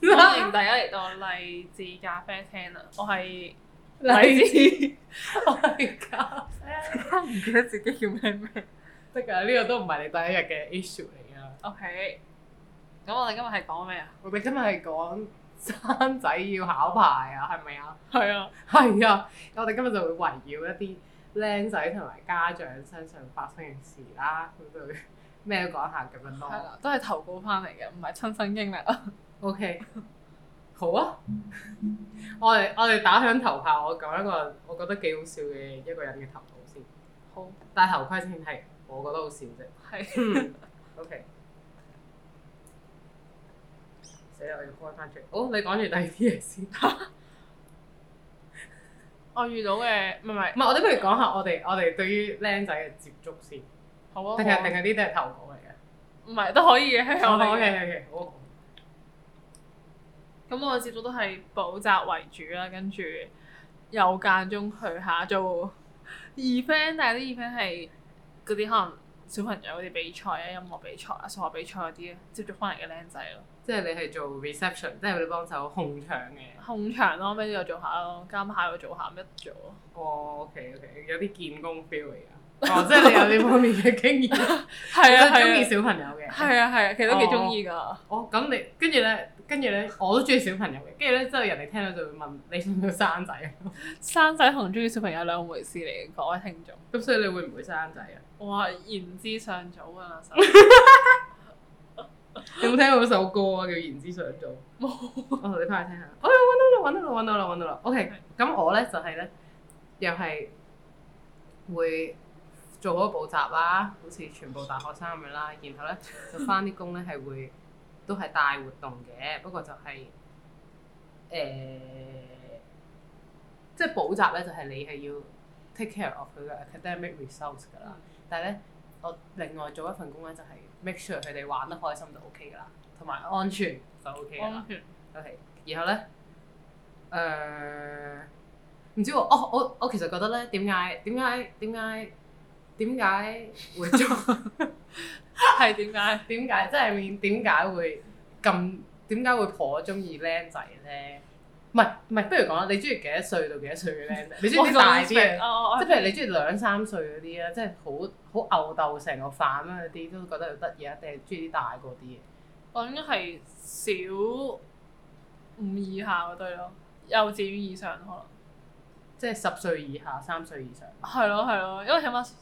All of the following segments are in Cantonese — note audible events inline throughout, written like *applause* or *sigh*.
歡迎大家嚟到勵志咖啡廳啊。我係荔枝，我係咖啡，唔記得自己叫咩咩。得㗎，呢個都唔係你第一日嘅 issue 嚟㗎。OK，咁我哋今日係講咩啊？我哋今日係講生仔要考牌 *laughs* 啊，係咪啊？係啊，係啊。咁我哋今日就會圍繞一啲靚仔同埋家長身上發生嘅事啦，咁對咩都講下咁樣囉。係啦，都係投稿翻嚟嘅，唔係親身經歷啊。O K，好啊！我哋我哋打響頭炮，我講一個我覺得幾好笑嘅一個人嘅頭部先。好，戴頭盔先係，我覺得好笑啫。係。O K，死啦！我要開翻出嚟。好，你講住第二啲嘢先。我遇到嘅唔係唔係，唔係，我哋不如講下我哋我哋對於僆仔嘅接觸先。好啊。定係，定係啲都係頭部嚟嘅。唔係都可以嘅。O K O K，好。咁我接續都係補習為主啦，跟住又間中去下做 event，但係啲 event 係嗰啲可能小朋友嗰啲比賽啊、音樂比賽啊、數學比賽嗰啲咯，接續翻嚟嘅靚仔咯。即係你係做 reception，即係你幫手控場嘅。控場咯、啊，跟住又做下咯，咁下又做下，乜都做，做。哦、oh，OK OK，有啲見工 feel 嚟噶。哦，即係你有呢方面嘅經驗，係 *laughs* 啊，中意小朋友嘅，係啊，係啊，啊，啊，其實都幾中意㗎。哦，咁、哦、你跟住咧，跟住咧，呢 *laughs* 我都中意小朋友嘅。跟住咧，之後人哋聽到就會問你會唔會生仔？生仔同中意小朋友兩回事嚟嘅，各位聽眾。咁 *laughs* 所以你會唔會生仔啊？我話、哦，言之尚早啊！ *laughs* *laughs* 有冇聽過首歌啊？叫言之尚早。冇、哦。 *laughs* 我同你翻去聽下。哎、哦、呀！揾到啦！揾到啦！揾到啦！揾到啦 *laughs* ！OK。咁我咧就係、是、咧，又係會。會做好補習啦，好似全部大學生咁樣啦，然後咧就翻啲工咧係會都係大活動嘅，不過就係誒即係補習咧，就係你係要 take care of 佢嘅 academic results 㗎啦。但係咧，我另外做一份工咧就係 make sure 佢哋玩得開心就 OK 㗎啦，同埋安全就 OK 㗎啦。安全 OK，然後咧誒唔知喎、哦，我我其實覺得咧點解點解點解？點解會中係點解？點解即係點點解會咁點解會頗中意僆仔咧？唔係唔係，不如講啦。你中意幾多歲到幾多歲嘅僆仔？你中意啲大啲嘅？即係譬如，啊、如你中意兩三歲嗰啲咧，即係好好牛鬥成個反啊啲，都覺得好得意啊。定係中意啲大過啲嘅？我應該係小五以下嗰對咯，幼稚園以上可能，即係十歲以下、三歲以上。係咯係咯，因為起碼。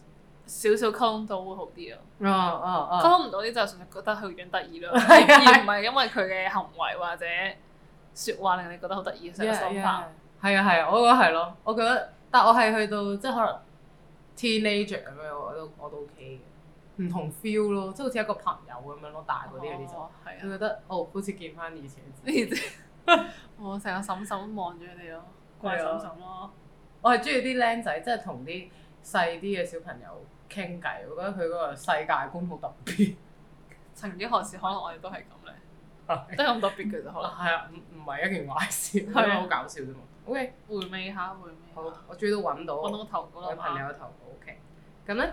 少少溝通到會好啲咯，溝通唔到啲就純粹覺得佢樣得意咯， *laughs* 對而唔係因為佢嘅行為或者説話令你覺得好得意，成日審察。係啊係啊，我覺得係咯，我覺得，但我係去到即係可能 teenager 咁樣，我都我都 OK 嘅，唔同 feel 咯，即係好似一個朋友咁樣咯，大嗰啲嗰啲就，佢、oh，啊、覺得哦，好似見翻以前自己， *laughs* *laughs* 我成日嬸嬸望住你咯，怪嬸嬸咯。 *laughs* 我係中意啲僆仔，即係同啲細啲嘅小朋友。傾偈，我覺得佢嗰個世界觀好特別。曾幾何時可能我哋都係咁咧， *laughs* 都咁特別嘅啫，可能。係 *laughs* 啊，唔唔係一件壞事，係咪好搞笑啫嘛？OK，回味下，回味。好，我終於揾到，揾到頭我頭朋友嘅頭部吧，OK。咁咧，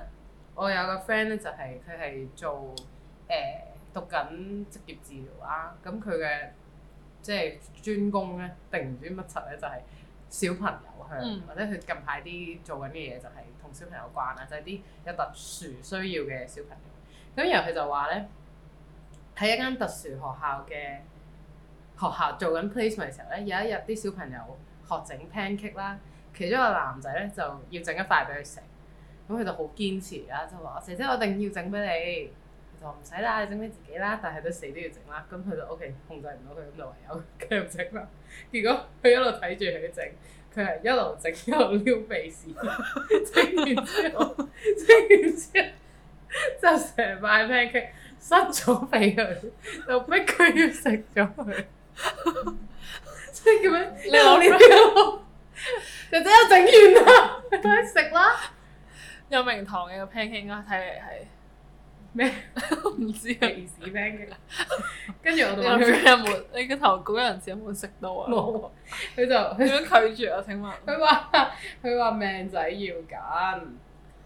我有個 friend 咧、就係，就係佢係做誒、呃、讀緊職業治療啊。咁佢嘅即係專攻咧，定唔知乜柒咧，就係小朋友向，嗯、或者佢近排啲做緊嘅嘢就係、係。同小朋友慣啦，就係、是、啲有特殊需要嘅小朋友。咁然後佢就話呢喺一間特殊學校嘅學校做緊 placement 嘅時候呢有一日啲小朋友學整 pancake 啦，其中一個男仔呢，就要整一塊俾佢食。咁佢就好堅持啦，就話：姐姐我一定要整俾你。佢就話唔使啦，你整俾自己啦，但係都死都要整啦。咁佢就 O、OK，K，控制唔到佢，咁就唯有繼續整啦。 *laughs* 結果佢一路睇住佢整。佢係一路整一路撩鼻屎，整完之後，整完之後就成塊 pancake 塞咗俾佢，就逼佢要食咗佢，即係叫咩？你攞呢啲咯，姐姐我整完啦，你快食啦！有名堂嘅個 pancake 啦，睇嚟係。咩？唔什 *laughs* 知啊道，騎士餅嘅啦。跟住我問佢，有冇，你個頭高嗰陣時有冇食到啊？冇啊！佢就佢想拒絕我請問？佢話佢話命仔要緊，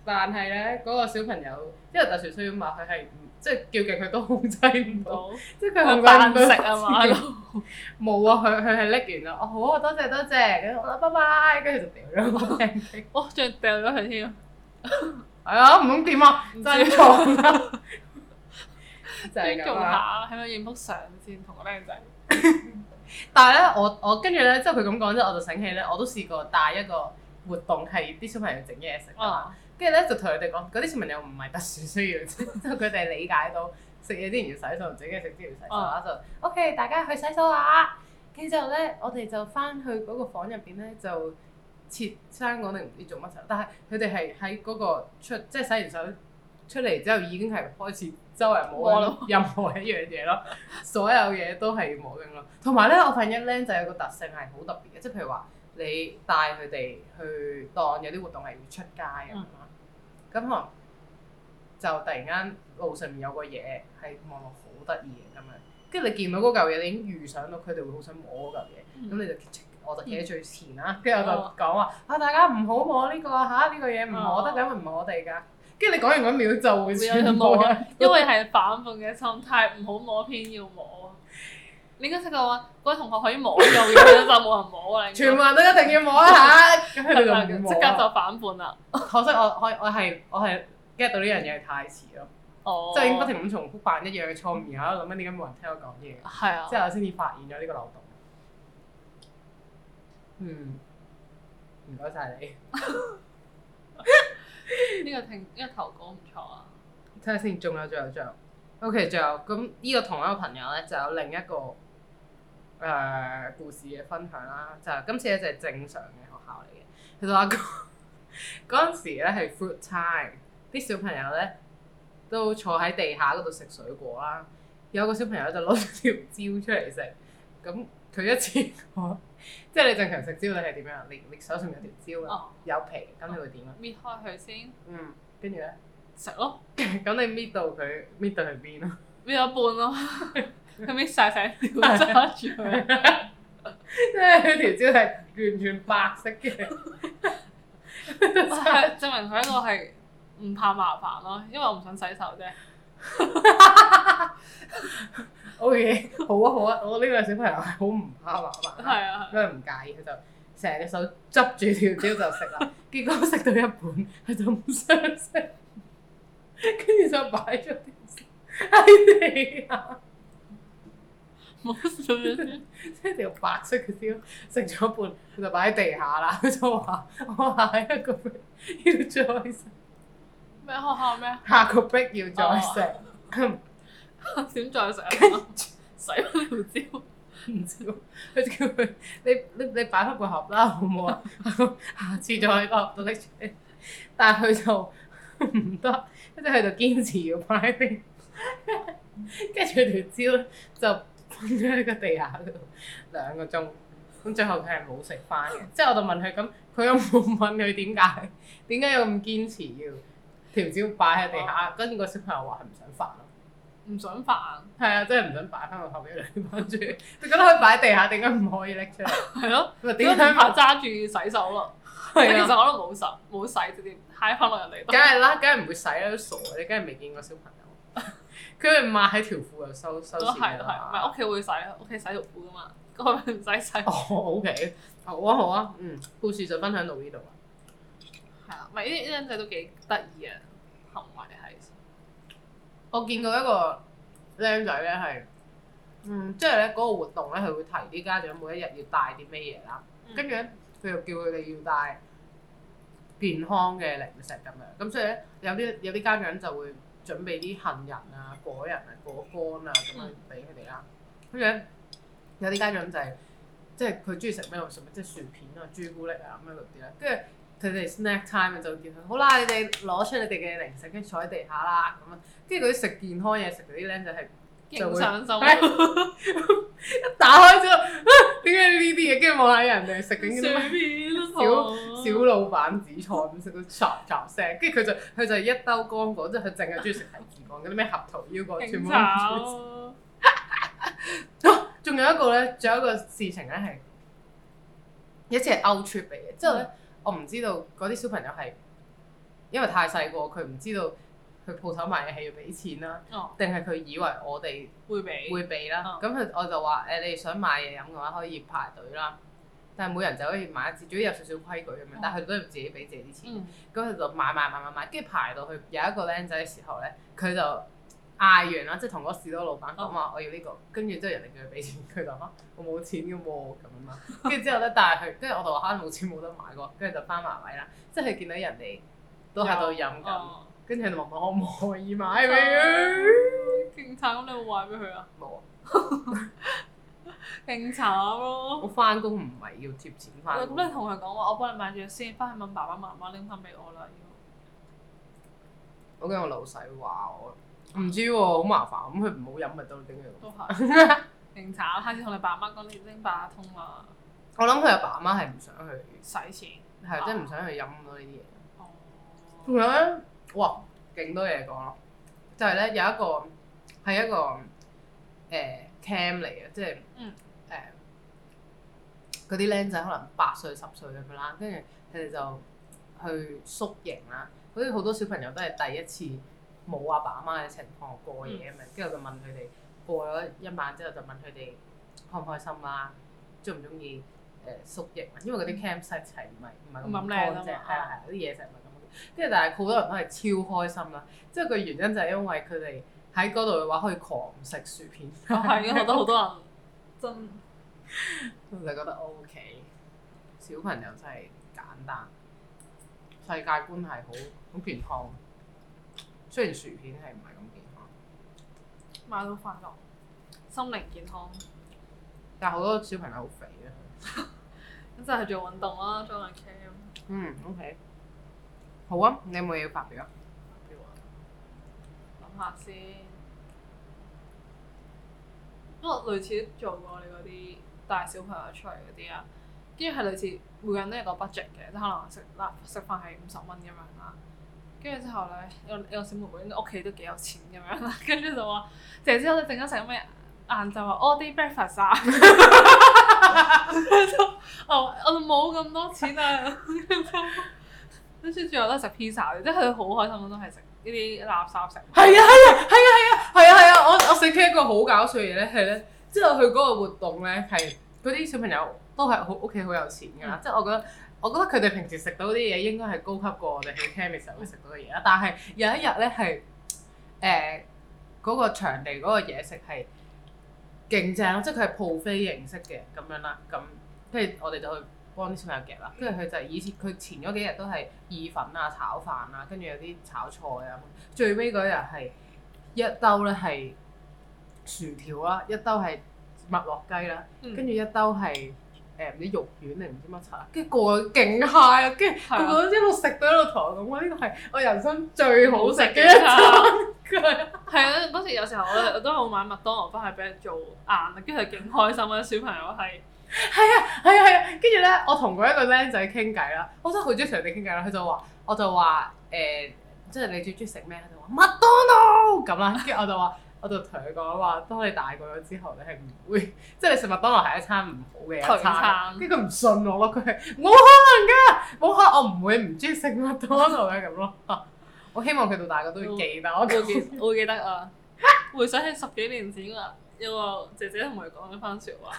但係咧嗰個小朋友，因為特殊需要嘛，佢係即係叫勁，佢都控制唔到，即係佢係扮食啊嘛都。冇啊！ *laughs* 佢佢係拎完啦。 *laughs* 哦，好啊，多謝多謝。佢話拜拜，跟住就掉咗佢。我仲掉咗佢添。係、哎、啊，唔好掂啊？真係 *laughs* 就尊重下，係咪影幅相先同個靚仔？但係咧，我我跟住咧，之後佢咁講之後，我就醒起咧，我都試過帶一個活動係啲小朋友整嘢食啊。跟住咧就同佢哋講，嗰啲小朋友唔係特殊需要，之後佢哋理解到食嘢之前要洗手同整嘢食之前要洗手，我、啊、就 OK，大家去洗手下。跟住之後咧，我哋就翻去嗰個房入邊咧就。切生果定唔知做乜手，但係佢哋係喺嗰個出，即係洗完手出嚟之後已經係開始周圍摸咯摸，任何一樣嘢咯，所有嘢都係摸緊咯。同埋咧，我發現僆仔有一個特性係好特別嘅，即係譬如話你帶佢哋去當有啲活動係要出街咁啦，咁、嗯、可能就突然間路上面有個嘢係望落好得意嘅咁樣，跟住你見到嗰嚿嘢，你已經預想到佢哋會好想摸嗰嚿嘢，咁你就。我就企喺最前啦，跟住我就講話：啊，大家唔好摸呢個嚇，呢個嘢唔摸得，因為唔係我哋噶。跟住你講完一秒就會全部人，因為係反叛嘅心態，唔好摸，偏要摸。你應該識噶喎，各位同學可以摸右邊，就冇人摸。啊。」全部人都一定要摸嚇，佢即刻就反叛啦。可惜我我我係我係 get 到呢樣嘢太遲咯，即係已經不停咁重複犯一樣嘅錯誤，然後喺度諗緊點解冇人聽我講嘢。係啊，即係我先至發現咗呢個漏洞。嗯，唔該晒你。呢 *laughs* 個聽一、呢個、頭歌唔錯啊！睇下先，仲有仲有仲有。OK，最後咁呢個同一個朋友咧，就有另一個誒、呃、故事嘅分享啦。就係今次咧就係正常嘅學校嚟嘅。佢就話嗰嗰陣時咧係 fruit time，啲小朋友咧都坐喺地下嗰度食水果啦。有個小朋友就攞條蕉出嚟食，咁佢一次。 *laughs* 即係你正常食蕉，你係點樣？你你手上有條蕉啊，有皮，咁、哦嗯、你會點啊？搣開佢先，嗯，跟住咧食咯。咁 *laughs* 你搣到佢搣到去邊咯？搣咗半咯，佢搣晒成條揸住佢。即係條蕉係完全白色嘅， *laughs* *laughs* *laughs* 證明佢一個係唔怕麻煩咯，因為我唔想洗手啫。 *laughs* O.K. 好啊好啊，我呢個小朋友係好唔怕啊嘛，因為佢唔介意佢就成隻手執住條蕉就食啦， *laughs* 結果食到一半佢就唔想食，跟住就擺咗喺地下。冇錯，即係條白色嘅蕉食咗一半，佢就擺喺地下啦。佢 *laughs* 就話：我下一個要再食，咩學校咩？下個 break 要再食。下次再食，洗翻條蕉，唔知喎，佢就叫佢你你你擺翻個盒啦，好唔好啊？ *laughs* *laughs* 下次再喺個盒度拎住。但係佢就唔得，即係佢就堅持要擺喺邊，跟 *laughs* 住條蕉就放咗喺個地下度兩個鐘，咁最後佢係冇食翻嘅。即係 *laughs* 我就問佢咁，佢又冇問佢點解，點解又咁堅持要條蕉擺喺地下？跟住 *laughs* *laughs* 個小朋友話係唔想煩。唔想擺，係啊，真係唔想擺翻個後邊你包住。 *laughs* 你覺得可以擺地下，點解唔可以拎出嚟？係咯、 *laughs* 啊，咪點解話揸住洗手咯？ *laughs* 其實我都冇洗，冇洗啲嗨翻落人哋。梗係啦，梗係唔會洗啦，傻！你梗係未見過小朋友，佢 *laughs* 咪 *laughs* 抹喺條褲又收收線㗎嘛。係係、嗯，屋企會洗，屋企洗浴褲㗎嘛，佢唔使洗。哦、 *laughs* *laughs* oh，OK，好啊好啊，嗯，故事就分享到呢度啊。係啊、 *laughs* 嗯，咪呢呢兩仔都幾得意啊，行為啊～我見過一個僆仔咧，係，嗯，即係咧嗰個活動咧，佢會提啲家長每一日要帶啲咩嘢啦，跟住咧佢又叫佢哋要帶健康嘅零食咁樣，咁所以咧有啲有啲家長就會準備啲杏仁啊、果仁啊、果乾啊咁樣俾佢哋啦，跟住咧有啲家長就係、是、即係佢中意食咩就食咩，即係薯片啊、朱古力啊咩嗰啲啦，跟住。佢哋 snack time 啊，就見佢好啦，你哋攞出你哋嘅零食，跟住坐喺地下啦，咁語啊，跟住嗰啲食健康嘢食嗰啲僆仔係勁上心，一打開咗啊，點解呢啲嘢跟住望下人哋食緊，跟住啲小小老闆紫菜咁食到雜雜聲，跟住佢就佢就一兜乾果，即係佢淨係中意食提子乾嗰啲咩核桃腰果，全部仲有一個咧，仲有一個事情咧係有一次係 out trip 嘅，之後咧。 *laughs* 我唔知道嗰啲小朋友係因為太細個，佢唔知道佢鋪頭買嘢係要俾錢啦，定係佢以為我哋會俾給會俾啦。咁佢、oh. 我就話：誒、呃，你想買嘢飲嘅話，可以排隊啦。但係每人就可以買一次，仲要有少少規矩咁樣。Oh. 但係佢都要自己俾自己啲錢，咁佢、oh. 就買買買買買，跟住排到去有一個僆仔嘅時候咧，佢就。嗌完啦，即係同嗰士多老闆講話、這個 oh.，我要、哦、呢個， *laughs* 跟住之後人哋叫佢俾錢佢就話我冇錢嘅喎，咁啊，跟住之後咧，但係佢跟住我同我講冇錢冇得買個，跟住就翻埋位啦。即係見到人哋都喺度飲緊，跟住、oh. 問我可唔可以買俾你？勁、oh. 啊、慘，你有冇買俾佢啊？冇啊有！勁 *laughs* *laughs* 慘咯的！我翻工唔係要貼錢翻，咁你同佢講話，我幫你買住先，翻去問爸爸媽媽拎翻俾我啦。我驚我老細話我。唔知喎、啊，好麻煩咁，佢唔好飲咪到頂佢。都係勁慘， *laughs* 下次同你爸媽講你拎八達通啦、啊。我諗佢阿爸阿媽係唔想去使錢，係即係唔想去飲咁多呢啲嘢。哦。仲有咧，哇，勁多嘢講咯，就係、是、咧有一個係一個誒 cam 嚟嘅，即係誒嗰啲僆仔可能八歲十歲咁樣啦，跟住佢哋就去宿營啦。好似好多小朋友都係第一次。冇阿爸阿媽嘅情況過夜啊嘛，之、嗯、後就問佢哋過咗一晚之後就問佢哋開唔開心啦、啊，中唔中意誒宿營，因為嗰啲 campsite 係唔係唔係咁靚，係啲嘢就唔係咁，跟住但係好多人都係超開心啦、啊，即係個原因就係因為佢哋喺嗰度嘅話可以狂食薯片，係啊好多好多人真，就覺得 O、okay, K，小朋友真係簡單，世界觀係好好健康。雖然薯片係唔係咁健康，買到快樂，心靈健康。但係好多小朋友好肥啊。咁 *laughs* 就係做運動啦，裝下 cam。嗯，OK。好啊，你有冇嘢要發表、發表啊？發表啊！諗下先，因為類似做過你嗰啲帶小朋友出嚟嗰啲啊，跟住係類似每個人都有個 budget 嘅，即可能食拉食飯係五十蚊咁樣啦。跟住之後咧，有有個小妹妹，屋企都幾有錢咁樣啦。跟住就話，姐姐，我哋陣間食咩？晏晝啊 all day breakfast 啊。跟住、 *laughs* *laughs* 哦、我我冇咁多錢啊。跟住最後都係食 pizza 嘅，即係佢好開心都係食呢啲垃圾食。係啊係啊係啊係啊係啊，啊，啊，啊，啊！我我食佢一個好搞笑嘢咧，係咧，之後佢嗰個活動咧係嗰啲小朋友都係好屋企好有錢㗎，即係、嗯、 *laughs* 我覺得。我覺得佢哋平時食到啲嘢應該係高級過我哋去 campus 會食到嘅嘢啦，但係有一日呢，係誒嗰個場地嗰個嘢食係勁正，即係佢係 buffet 形式嘅咁樣啦，咁跟住我哋就去幫啲小朋友夾啦，跟住佢就以前佢前嗰幾日都係意粉啊、炒飯啊，跟住有啲炒菜啊，最尾嗰日係一兜呢係薯條啦，嗯、一兜係麥樂雞啦，跟住一兜係。誒唔知肉丸定唔知乜茶，跟住個個勁嗨啊，跟住個個一路食到一路同我講話，呢、這個係我人生最好食嘅一餐。係啊，當時有時候我我都好買麥當勞翻去俾人做硬，跟住佢勁開心。嗰啲小朋友係係啊係啊係啊，跟住咧我同嗰一個僆仔傾偈啦，我真係好中意同人哋傾偈啦。佢就話，我就話誒、呃，即係你最中意食咩？佢就話麥當勞咁啦，跟住我就話。 *laughs* 我就同佢講話，當你大個咗之後，你係唔會，即係你食麥當勞係一餐唔好嘅一餐。跟住佢唔信我咯，佢係冇可能㗎，冇可能我唔會唔中意食麥當勞嘅咁咯。我希望佢到大個都要記，我記得，我記我記得啊，回 *laughs* 想起十幾年前啊。有個姐姐同佢講咗番說話，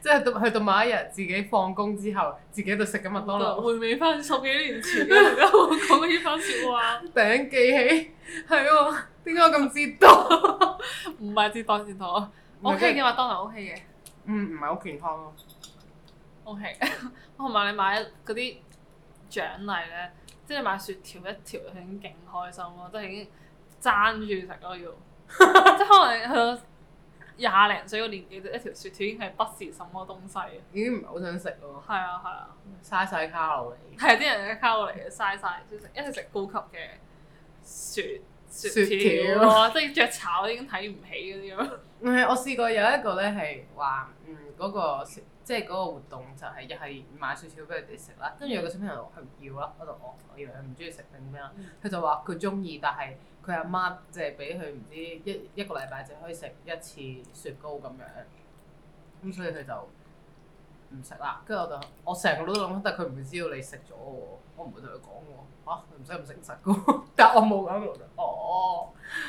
即係到去到某一日自己放工之後，自己喺度食緊麥當勞，回味翻十幾年前，然之後講起番說話，突然記起，係喎，點解咁折墮？唔係折墮，折墮。OK 嘅麥當勞 OK 嘅，嗯，唔係好健康咯。OK，同埋你買嗰啲獎勵咧，即係買雪條一條已經勁開心咯，即係已經爭住食咯，要即係可能去到。廿零歲個年紀，就一條雪條已經係不是什麼東西。已經唔係好想食咯。係啊係啊，嘥晒、啊、卡路里。係啲 *laughs* 人嘅卡路里嘅嘥晒，想食一係食高級嘅雪雪條咯，即係雀巢已經睇唔起嗰啲咯。唔係，我試過有一個咧係話，嗯嗰、那個即係嗰個活動就係又係買雪條俾佢哋食啦，跟住、嗯、有個小朋友佢唔要啦，我就我，我以為佢唔中意食定咩，佢就話佢中意，但係。佢阿媽淨係俾佢唔知一一個禮拜只可以食一次雪糕咁樣，咁所以佢就唔食啦。跟住我就，我成個腦都諗，但係佢唔會知道你食咗喎。我唔會同佢講喎。佢唔使咁誠實噶。但係我冇咁。我啫。哦，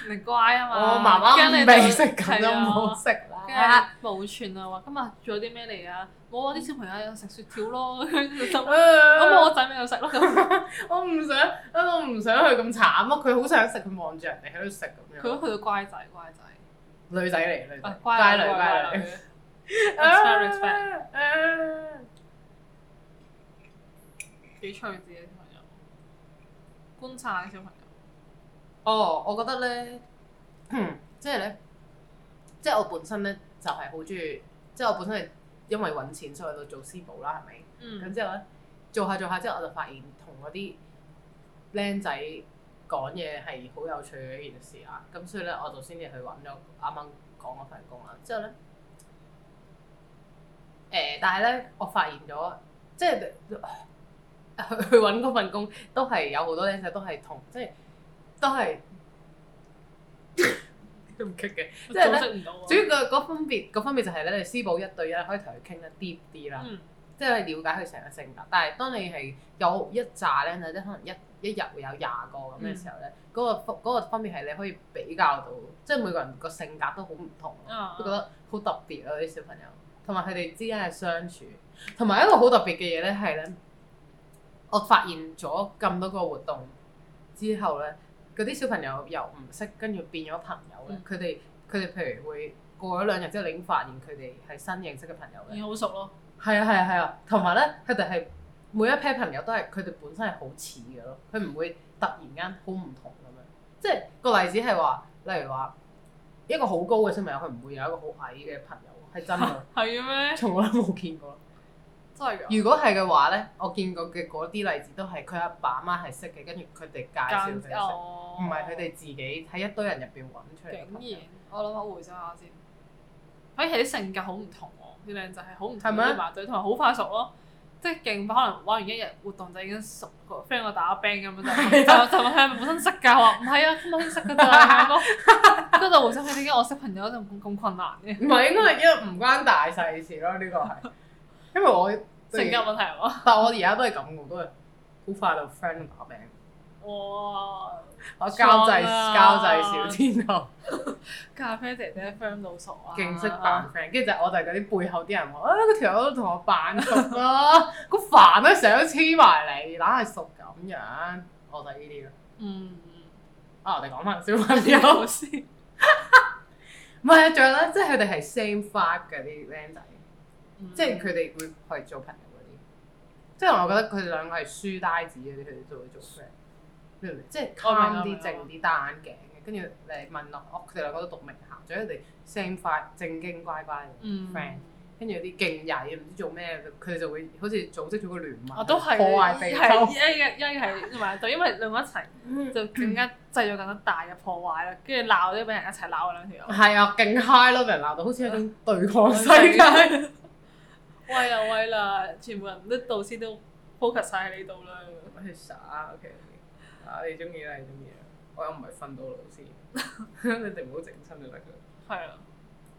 你乖啊嘛。我，我媽媽嚴肅食緊，唔好食啦。冇錢啊！話哇今日做咗啲咩嚟啊？我話啲小朋友有食雪條咯，咁 *laughs* 我仔咪又食咯。 *laughs* *laughs* 我唔想，我唔想去咁慘咯。佢好想食，佢望住人哋喺度食咁樣。佢都佢都乖仔，乖仔。女仔嚟，女仔乖女，乖女。Respect，respect。幾趣啲、啊、小朋友？觀察啲小朋友。哦，我覺得咧，即係咧。 *coughs* 即係我本身咧，就係好中意。即係我本身係因為搵錢，所以喺度做私補啦，係咪？咁之、嗯、後咧，做下做下，之後我就發現同嗰啲僆仔講嘢係好有趣嘅一件事啊。咁所以咧，我就先至去揾咗啱啱講嗰份工啦。之後咧，誒、呃，但係咧，我發現咗，即係、啊、去去揾嗰份工，都係有好多僆仔都係同即係都係。 *laughs* 都唔嘅，即係咧。啊、主要個分別， *noise* 個分別就係咧，你私補一對一可以同佢傾一啲啲啦，即係、嗯、了解佢成個性格。但係當你係有一紮咧，即可能一一日會有廿個咁嘅時候咧，嗰、嗯嗰個嗰個分別係你可以比較到，即、就、係、是、每個人個性格都好唔同，啊啊都覺得好特別咯、啊、啲小朋友，同埋佢哋之間嘅相處，同埋一個好特別嘅嘢咧係咧，我發現咗咁多個活動之後咧。嗰啲小朋友又唔識，跟住變咗朋友咧。佢哋佢哋譬如會過咗兩日之後，你已經發現佢哋係新認識嘅朋友嘅。好熟咯。係啊係啊係啊，同埋咧，佢哋係每一批朋友都係佢哋本身係好似嘅咯。佢唔會突然間好唔同咁樣。即係個例子係話，例如話一個好高嘅小朋友，佢唔會有一個好矮嘅朋友，係真㗎。係咩？從來冇見過。如果係嘅話咧，我見過嘅嗰啲例子都係佢阿爸阿媽係識嘅，跟住佢哋介紹佢哋識，唔係佢哋自己喺一堆人入邊揾出嚟。竟然我諗下回想下先嗎，可以係啲性格好唔同喎，啲靚仔係好唔同嘅嘛，係咪？同埋好快熟咯，即係勁可能玩完一日活動就已經熟個 friend 個打 band 咁樣就就問佢係咪本身識㗎，我話唔係啊，今日先識㗎咋，咁就 *laughs* 回想下點解我識朋友咁咁困難嘅？唔係應該係因為唔關大細事咯，呢、呢個係。 *laughs* 因為我性格問題啊嘛，但我而家都係咁，我都係好快就 friend 到把柄。哇！我交際、啊、交際小天后，咖啡姐姐 friend 到熟啊！勁識扮 friend，跟住就我哋嗰啲背後啲人話，誒，啊嗰條友都同我扮熟啦，個 *laughs* 煩都想黐埋你，懶係熟咁樣。我就呢啲咯。嗯。啊！我哋講翻小朋友先。唔係啊！仲 *laughs* 有咧，即係佢哋係 same vibe 啲靚仔。即係佢哋會係做朋友嗰啲，即係我覺得佢哋兩個係書呆子啲，佢哋就會做 friend。即係貪啲靜啲戴眼鏡嘅，跟住嚟問落，我佢哋兩個都讀名校，仲有佢哋聲快正經乖乖嘅 friend，跟住有啲勁曳，唔知做咩，佢哋就會好似組織咗個聯盟，我都係破壞地球因為兩個一齊就更加製咗更加大嘅破壞啦，跟住鬧都俾人一齊鬧啊！兩條友係啊，勁 high 咯，俾人鬧到好似一種對抗世界。喂啦喂啦，全部人都導師都 focus 晒喺呢度啦。去耍 O.K. 啊，你中意啦，你中意啦。我又唔係訓導老師， *laughs* *laughs* 你哋唔好整親就得嘅。係啊，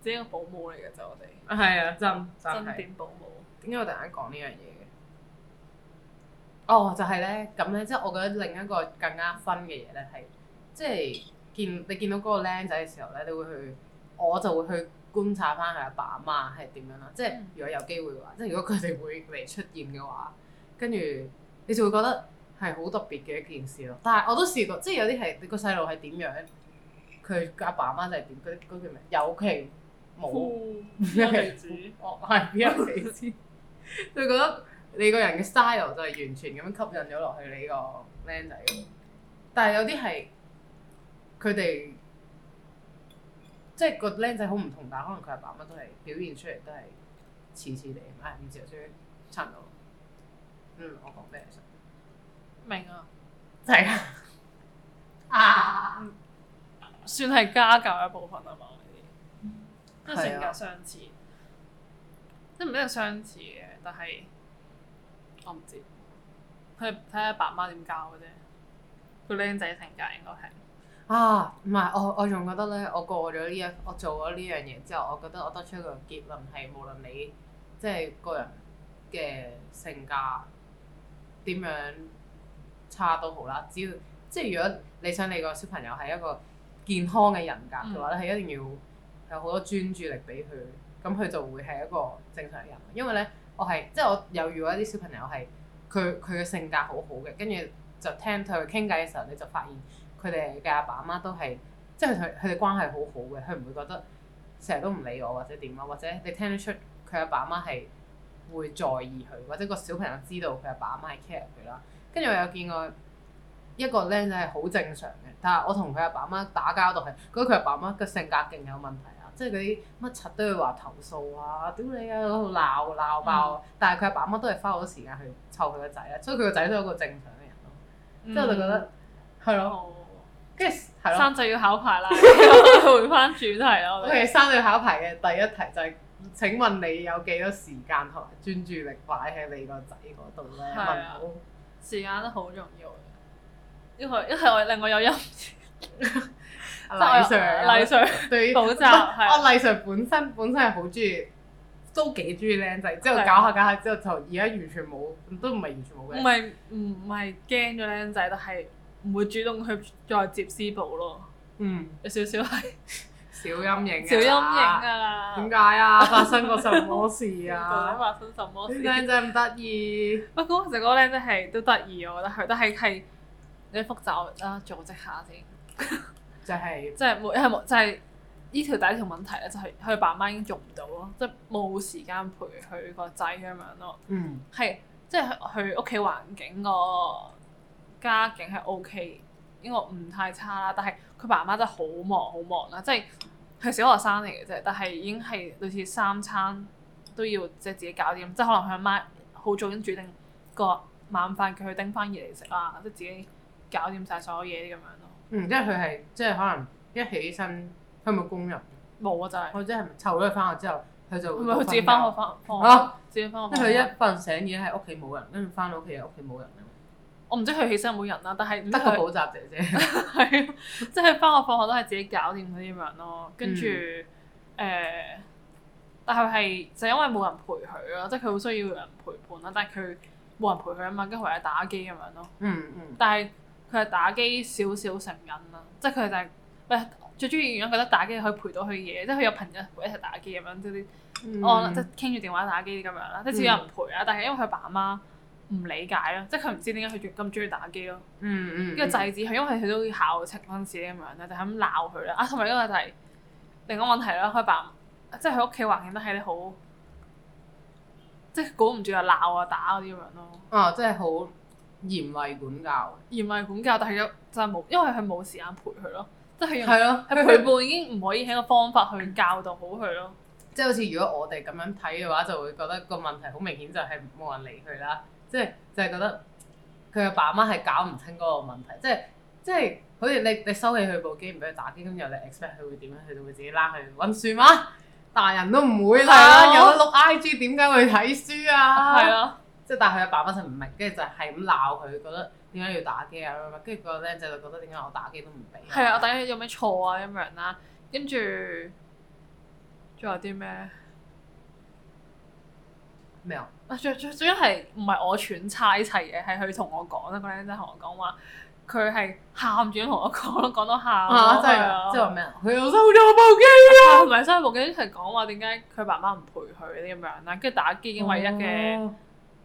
只係一個保姆嚟嘅就我哋。係啊，啊真真係。真，是真點保姆？點解我突然間講、oh, 呢樣嘢嘅？哦，就係咧，咁咧，即係我覺得另一個更加分嘅嘢咧，係即係見你見到嗰個僆仔嘅時候咧，你會去，我就會去。觀察翻佢阿爸阿媽係點樣咯，即係如果有機會嘅話，即係如果佢哋會未出現嘅話，跟住你就會覺得係好特別嘅一件事咯。但係我都試過，即係有啲係你個細路係點樣，佢阿爸阿媽就係點，嗰叫咩？有其冇，惡意惡有其冇就覺得你個人嘅 style 就係完全咁樣吸引咗落去你個靚仔。但係有啲係佢哋。即係個僆仔好唔同，但可能佢阿爸阿媽都係表現出嚟都係似似哋，唔、嗯、知、嗯、啊，啊算差唔多。嗯，我講咩明啊？係啊，啊，算係家教一部分啊嘛，呢啲，即係性格相似，啊、即係唔一定相似嘅，但係我唔知，佢睇下阿爸阿媽點教嘅啫，個僆仔性格應該係。啊，唔係我我仲覺得咧，我過咗呢一，我做咗呢樣嘢之後，我覺得我得出一個結論係，無論你即係個人嘅性格點樣差都好啦，只要即係如果你想你個小朋友係一個健康嘅人格嘅話咧，係一定要有好多專注力俾佢，咁佢就會係一個正常人。因為咧，我係即係我有遇到一啲小朋友係佢佢嘅性格好好嘅，跟住就聽佢傾偈嘅時候，你就發現。佢哋嘅阿爸阿媽都係，即係佢佢哋關係好好嘅，佢唔會覺得成日都唔理我或者點啊，或者你聽得出佢阿爸阿媽係會在意佢，或者個小朋友知道佢阿爸阿媽係 care 佢啦。跟住我有見過一個靚仔係好正常嘅，但係我同佢阿爸阿媽打交道係，覺得佢阿爸阿媽個性格勁有問題啊，即係嗰啲乜柒都要話投訴啊，屌你啊，喺度鬧鬧爆。但係佢阿爸阿媽都係花好多時間去湊佢個仔啊，所以佢個仔都係一個正常嘅人咯。即係我就覺得係咯。嗯的即係生就要考牌啦， *laughs* *laughs* 回翻主題囉！我哋生、okay, 要考牌嘅第一題就係：請問你有幾多時間同埋專注力擺喺你個仔嗰度咧？問好時間都好重要，因為因為我令我有陰、啊。麗尚，麗尚對於我麗尚，本身本身係好中意，都幾中意靚仔。之後不的搞下搞下之後，就而家完全冇，都唔係完全冇嘅。唔係唔唔係驚咗靚仔，但係。唔會主動去再接私補咯，嗯，有少少係小陰影，小陰影㗎喇，點解啊？發生過什麼事啊？發生什麼事？靚仔唔得意，不過成個靚仔係都得意，我覺得佢，都係係一複雜啦。組織下先，就係、是，即係每係冇，就係呢條第一條問題咧、就是，就係佢爸媽已經做唔到咯，即係冇時間陪佢個仔咁樣咯，嗯，係即係佢屋企環境個。家境係 O K，應該唔太差啦。但係佢爸媽真係好忙，好忙啦。即係佢小學生嚟嘅啫，但係已經係類似三餐都要即係自己搞掂。即係可能佢阿媽好早已經煮定個晚飯，佢去叮翻嘢嚟食啊，即係自己搞掂晒所有嘢咁樣咯。嗯，因為佢係即係可能一起身，佢咪工人。冇啊，就係我即係湊咗佢翻學之後，佢就唔係佢自己翻學翻啊，哦哦、自己翻學。跟住、哦、一瞓醒已經喺屋企冇人，跟住翻到屋企屋企冇人。我唔知佢起身有冇人啦，但係得佢補習姐姐，係啊，即係翻學放學都係自己搞掂嗰啲咁樣咯。跟住誒，但係係就因為冇人陪佢咯，即係佢好需要有人陪伴啦。但係佢冇人陪佢啊嘛，跟住佢係打機咁樣咯。嗯嗯、但係佢係打機少少成癮啦，即係佢就係、是、唔、就是、最中意嘅原因，覺得打機可以陪到佢嘢，即係佢有朋友陪一齊打機咁樣啲，就是嗯、哦即係傾住電話打機咁樣啦，即、就、係、是、只要有人陪啊。但係因為佢爸阿媽。唔理解咯，即係佢唔知點解佢咁中意打機咯，嗯。嗯嗯。呢個制止佢，嗯、因為佢都要考測溫試咁樣咧，就係咁鬧佢啦。啊，同埋一個就係，另外一個問題啦，開爸即係佢屋企環境都係啲好，即係估唔住又鬧啊打嗰啲咁樣咯。啊，即係好嚴厲管教。嚴厲管教，但係又就係冇，因為佢冇時間陪佢咯，即係係咯，啊、陪伴已經唔可以喺個方法去教導好佢咯。即係好似如果我哋咁樣睇嘅話，就會覺得個問題好明顯，就係冇人理佢啦。即係就係覺得佢嘅爸媽係搞唔清嗰個問題，即係即係好似你你收起佢部機唔俾佢打機，咁又你 expect 佢會點樣？佢就會自己拉去溫書嗎？大人都唔會啊，哦、有得碌 I G，點解會睇書啊？係啊、哦，即係但係佢嘅爸媽就唔明，跟住就係咁鬧佢，覺得點解要打機啊？跟住嗰個僆仔就覺得點解我打機都唔俾？係啊，我打機有咩錯啊？咁樣啦，跟住仲有啲咩咩啊？最最最緊係唔係我揣猜齊嘅、係佢同我講啦，個僆仔同我講話，佢係喊住同我講咯，講到喊，真係啊！即係話咩？佢又收咗我部機啊，同埋、啊、收部機一齊講話點解佢爸媽唔陪佢啲咁樣啦、啊，跟住打機已經唯一嘅，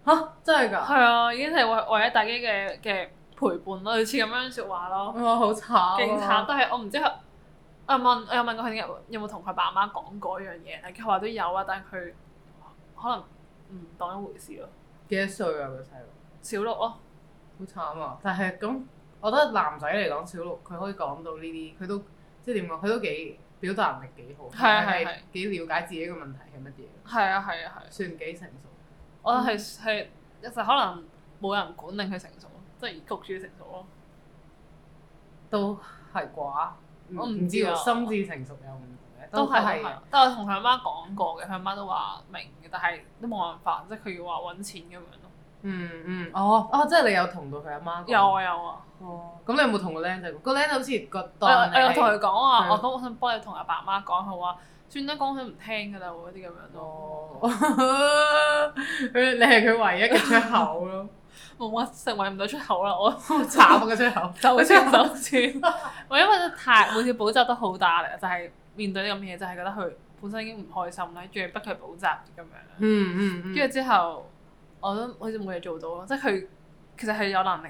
吓、嗯啊、真係噶，係啊，已經係為唯一打機嘅嘅陪伴，類似咁樣說話咯。哇、啊，好慘、啊，勁慘，但係我唔知佢。我問，我有問過佢有冇同佢爸媽講過一樣嘢？佢話都有啊，但係佢可能。可能嗯，當一回事咯。幾多歲啊？佢細路，小六咯、啊。好慘啊！但係咁，我覺得男仔嚟講，小六佢可以講到呢啲，佢都即係點講？佢、即係、都幾表達能力幾好，係係幾了解自己嘅問題係乜嘢。係啊係啊係。算幾成熟？我係係一直可能冇人管，令佢成熟咯，即係焗住成熟咯。都係啩？我唔知心智成熟又唔？都係，但係我同佢阿媽講過嘅，佢阿媽都話明嘅，但係都冇辦法，即係佢要話揾錢咁樣咯。嗯嗯，哦哦，即係你有同到佢阿媽？有啊有啊。哦。咁你有冇同個僆仔？個僆仔好似個。我我有同佢講話，我我想幫你同阿爸媽講下話，算啦，講佢唔聽㗎啦，嗰啲咁樣咯。你係佢唯一嘅出口咯。冇啊，成為唔到出口啦，我慘嘅出口，走先走先。我因為太每次補習都好大啦，就係。面對啲咁嘅嘢，就係、是、覺得佢本身已經唔開心咧，仲要逼佢補習咁樣。嗯。嗯嗯。跟住之後，我都好似冇嘢做到，即係佢其實係有能力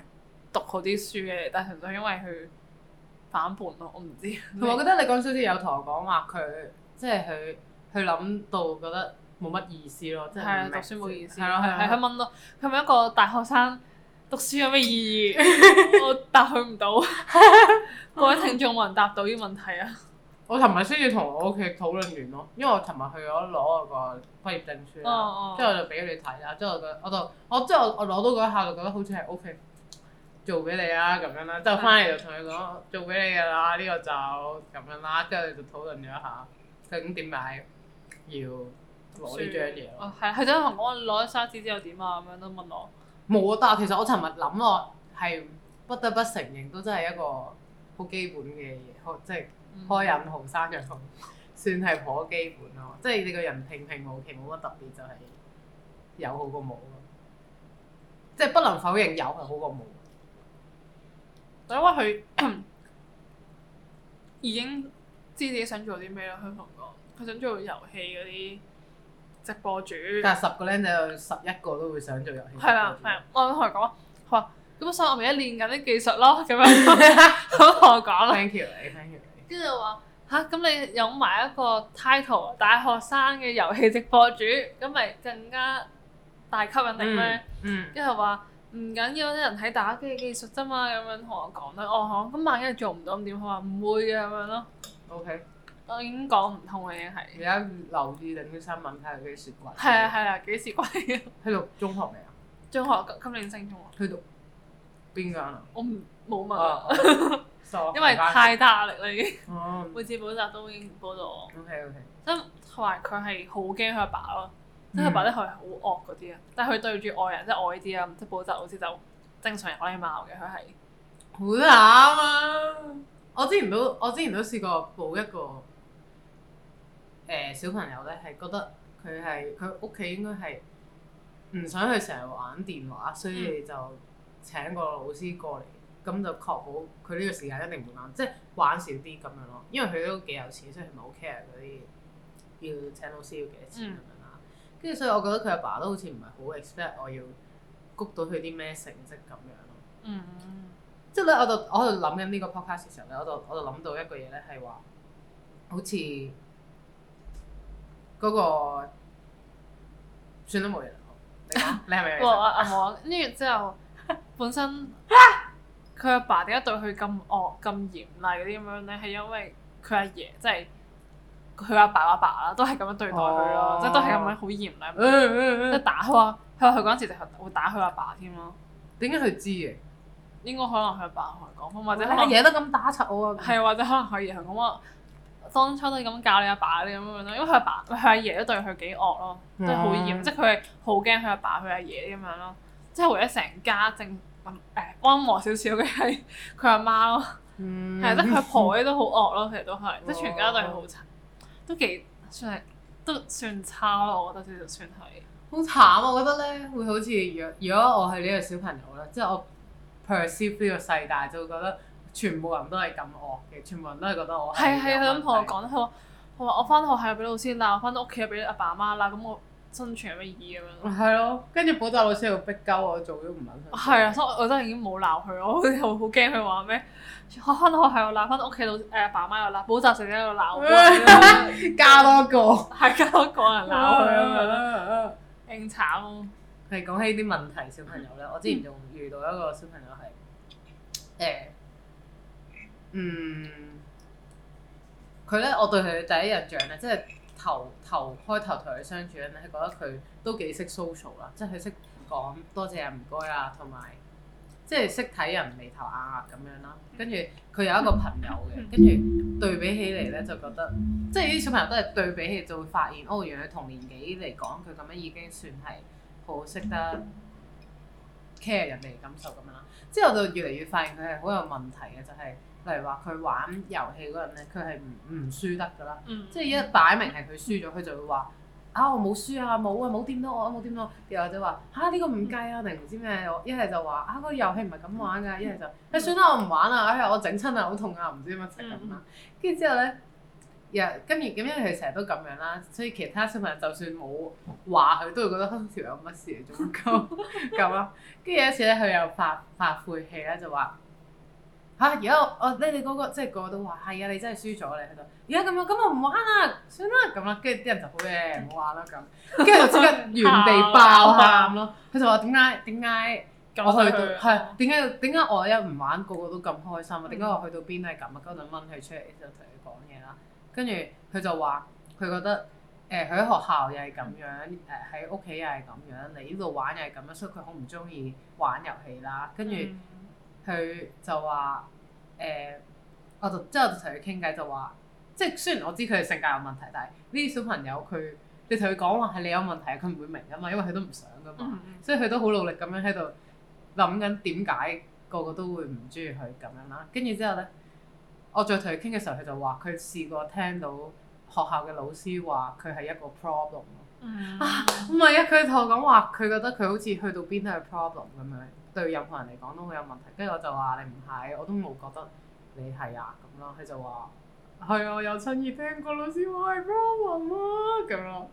讀好啲書嘅，但係純粹因為佢反叛咯，我唔知。同埋我覺得你講書時有同我講話佢，即係佢佢諗到覺得冇乜意思咯，即係讀書冇意思，係係喺度掹咯。佢問，問一個大學生讀書有咩意義？ *laughs* 我答佢唔到。各位聽眾冇人答到呢個問題啊？我琴日先至同我屋企討論完咯，因為我琴日去咗攞個畢業證書啦，哦、之後就俾你睇啦。之後我就我就我我攞到嗰一下就覺得好似係 O K，做俾你啦咁樣啦。之後翻嚟就同佢講做俾你噶啦，呢、呢個就咁樣啦。之後就討論咗一下究竟點解要攞呢張嘢咯。係係真係同我攞咗沙紙之後點啊咁樣都問我。冇啊，但其實我琴日諗落，係不得不承認，都真係一個好基本嘅嘢，即係。開引號、生藥喉，算係頗基本咯。即係你個人平平無奇，冇乜特別，就係有好過冇咯。即係不能否認有係好過冇。因為佢已經知自己想做啲咩咯。佢同我講佢想做遊戲嗰啲直播主。但係十個僆仔有十一個都會想做遊戲。係啦，我同佢講，佢話：咁所以我咪喺練緊啲技術咯。咁樣，我同佢講啦。Thank you，你。跟住話吓，咁你有埋一個 title 大學生嘅遊戲直播主，咁咪更加大吸引力咩？嗯，一係話唔緊要啲人睇打機嘅技術啫嘛，咁樣同我講啦。我講哦，咁萬一做唔到咁點？佢話唔會嘅咁樣咯。OK，我已經講唔通啦，已經係。而家留意緊啲新聞睇下幾時歸？係啊係啊，幾時歸啊？去讀中學未啊？中學今今年升中啊？去讀邊間啊？我唔冇問。因為太大壓力啦，已經、哦、每次補習都已經補到我。O K O K。即同埋佢係好驚佢阿爸咯，即係阿爸咧，佢係好惡嗰啲啊。但係佢對住外人，即係我呢啲啊，即係補習老師就正常禮貌可以鬧嘅。佢係好慘啊！我之前都我之前都試過補一個誒、呃、小朋友咧，係覺得佢係佢屋企應該係唔想去成日玩電話，所以就請個老師過嚟。咁就確保佢呢個時間一定唔啱，即、就、係、是、玩少啲咁樣咯。因為佢都幾有錢，所以佢咪好 care 嗰啲要請老師要幾多錢咁樣啦。跟住、嗯、所以，我覺得佢阿爸，爸都好似唔係好 expect 我要谷到佢啲咩成績咁樣咯。嗯嗯嗯。即係咧，我就我就諗緊呢個 podcast 嘅時候咧，我就我就諗到一個嘢咧，係話好似嗰、那個算都冇嘢。你講，係咪？ *laughs* 我阿母跟住之後，本身。啊佢阿爸點解對佢咁惡咁嚴厲啲咁樣咧？係因為佢阿爺，即係佢阿爸阿爸啦，都係咁樣對待佢咯，即係都係咁樣好嚴厲，即係打佢話佢話佢嗰陣時會打佢阿爸添咯。點解佢知嘅？應該可能佢阿爸同佢講，或者阿爺都咁打柒我啊。係或者可能佢爺係講話當初都係咁教你阿爸啲咁樣咯。因為佢阿爸，佢阿爺都對佢幾惡咯，都好嚴。即係佢係好驚佢阿爸佢阿爺咁樣咯。即係為咗成家正。咁誒溫和少少嘅係佢阿媽咯，係、嗯，但係佢阿婆咧都好惡咯，其實都係，即係、哦、全家都係好慘，都幾算係都算差咯，我覺得呢啲算係。好慘，我，嗯、我覺得咧會好似若如果我係呢個小朋友啦，即係我 perceive 呢個世界就會覺得全部人都係咁惡嘅，全部人都係覺得我係係佢咁同我講，佢話佢話我翻學係要俾老師，但係我翻到屋企要俾阿爸阿媽啦，咁我。生存有咩意義咁樣？係咯，跟住補習老師喺度逼鳩我做，都唔肯。係啊，所以我我真係已經冇鬧佢，我覺得好驚佢話咩？翻到去係我鬧，翻到屋企老誒爸媽又鬧，補習成日喺度鬧，加多個，係加多一個人鬧佢咁樣，勁慘咯。係，講起啲問題，小朋友咧，我之前仲遇到一個小朋友係誒，嗯，佢咧，我對佢第一印象咧，即係。頭頭開頭同佢相處咧，覺得佢都幾識 social 啦，即係佢識講多謝啊、唔該啊，同埋即係識睇人眉頭眼額咁樣啦。跟住佢有一個朋友嘅，跟住對比起嚟咧，就覺得即係啲小朋友都係對比起就會發現，哦，原來同年紀嚟講，佢咁樣已經算係好識得 care 人哋感受咁樣啦。之後就越嚟越發現佢係好有問題嘅，就係。例如話佢玩遊戲嗰陣咧，佢係唔唔輸得噶啦，嗯、即係一擺明係佢輸咗，佢、嗯、就會話，啊我冇輸啊，冇啊冇掂到我，冇掂到我，又、啊這個啊、或者話嚇呢個唔計啊，定唔知咩？一係就話啊個遊戲唔係咁玩㗎，一係就、哎、算啦、啊哎，我唔玩啦，哎呀我整親啊好痛啊，唔知乜柒咁啦。跟住、嗯、之後咧，跟住咁，因為佢成日都咁樣啦，所以其他小朋友就算冇話佢，都會覺得黑條有乜事做乜鳩咁啦。跟住有一次咧，佢又發發晦氣啦，就話。嚇！而家我你哋嗰個即係個個都話係啊，你真係輸咗，你喺度。而家咁樣咁我唔玩啦，算啦咁啦。跟住啲人就好嘢，唔好玩啦咁。跟住就即刻原地爆喊咯！佢就話點解點解我去到係點解點解我一唔玩個個都咁開心啊？點解我去到邊都係咁啊？等陣掹佢出嚟就同佢講嘢啦。跟住佢就話佢覺得佢喺、呃、學校又係咁樣，誒喺屋企又係咁樣，嚟呢度玩又係咁樣，所以佢好唔中意玩遊戲啦。跟住。嗯佢就話：誒、欸，我就之後就同佢傾偈，就話，即係雖然我知佢嘅性格有問題，但係呢啲小朋友佢，你同佢講話係你有問題，佢唔會明噶嘛，因為佢都唔想噶嘛，嗯、所以佢都好努力咁樣喺度諗緊點解個個都會唔中意佢咁樣啦。跟住之後咧，我再同佢傾嘅時候，佢就話佢試過聽到學校嘅老師話佢係一個 problem、嗯、啊，唔係啊，佢同我講話佢覺得佢好似去到邊都係 problem 咁樣。對任何人嚟講都好有問題，跟住我就話你唔係，我都冇覺得你係啊咁咯。佢就話：係啊，我有親耳聽過老師話係咩問啊咁咯。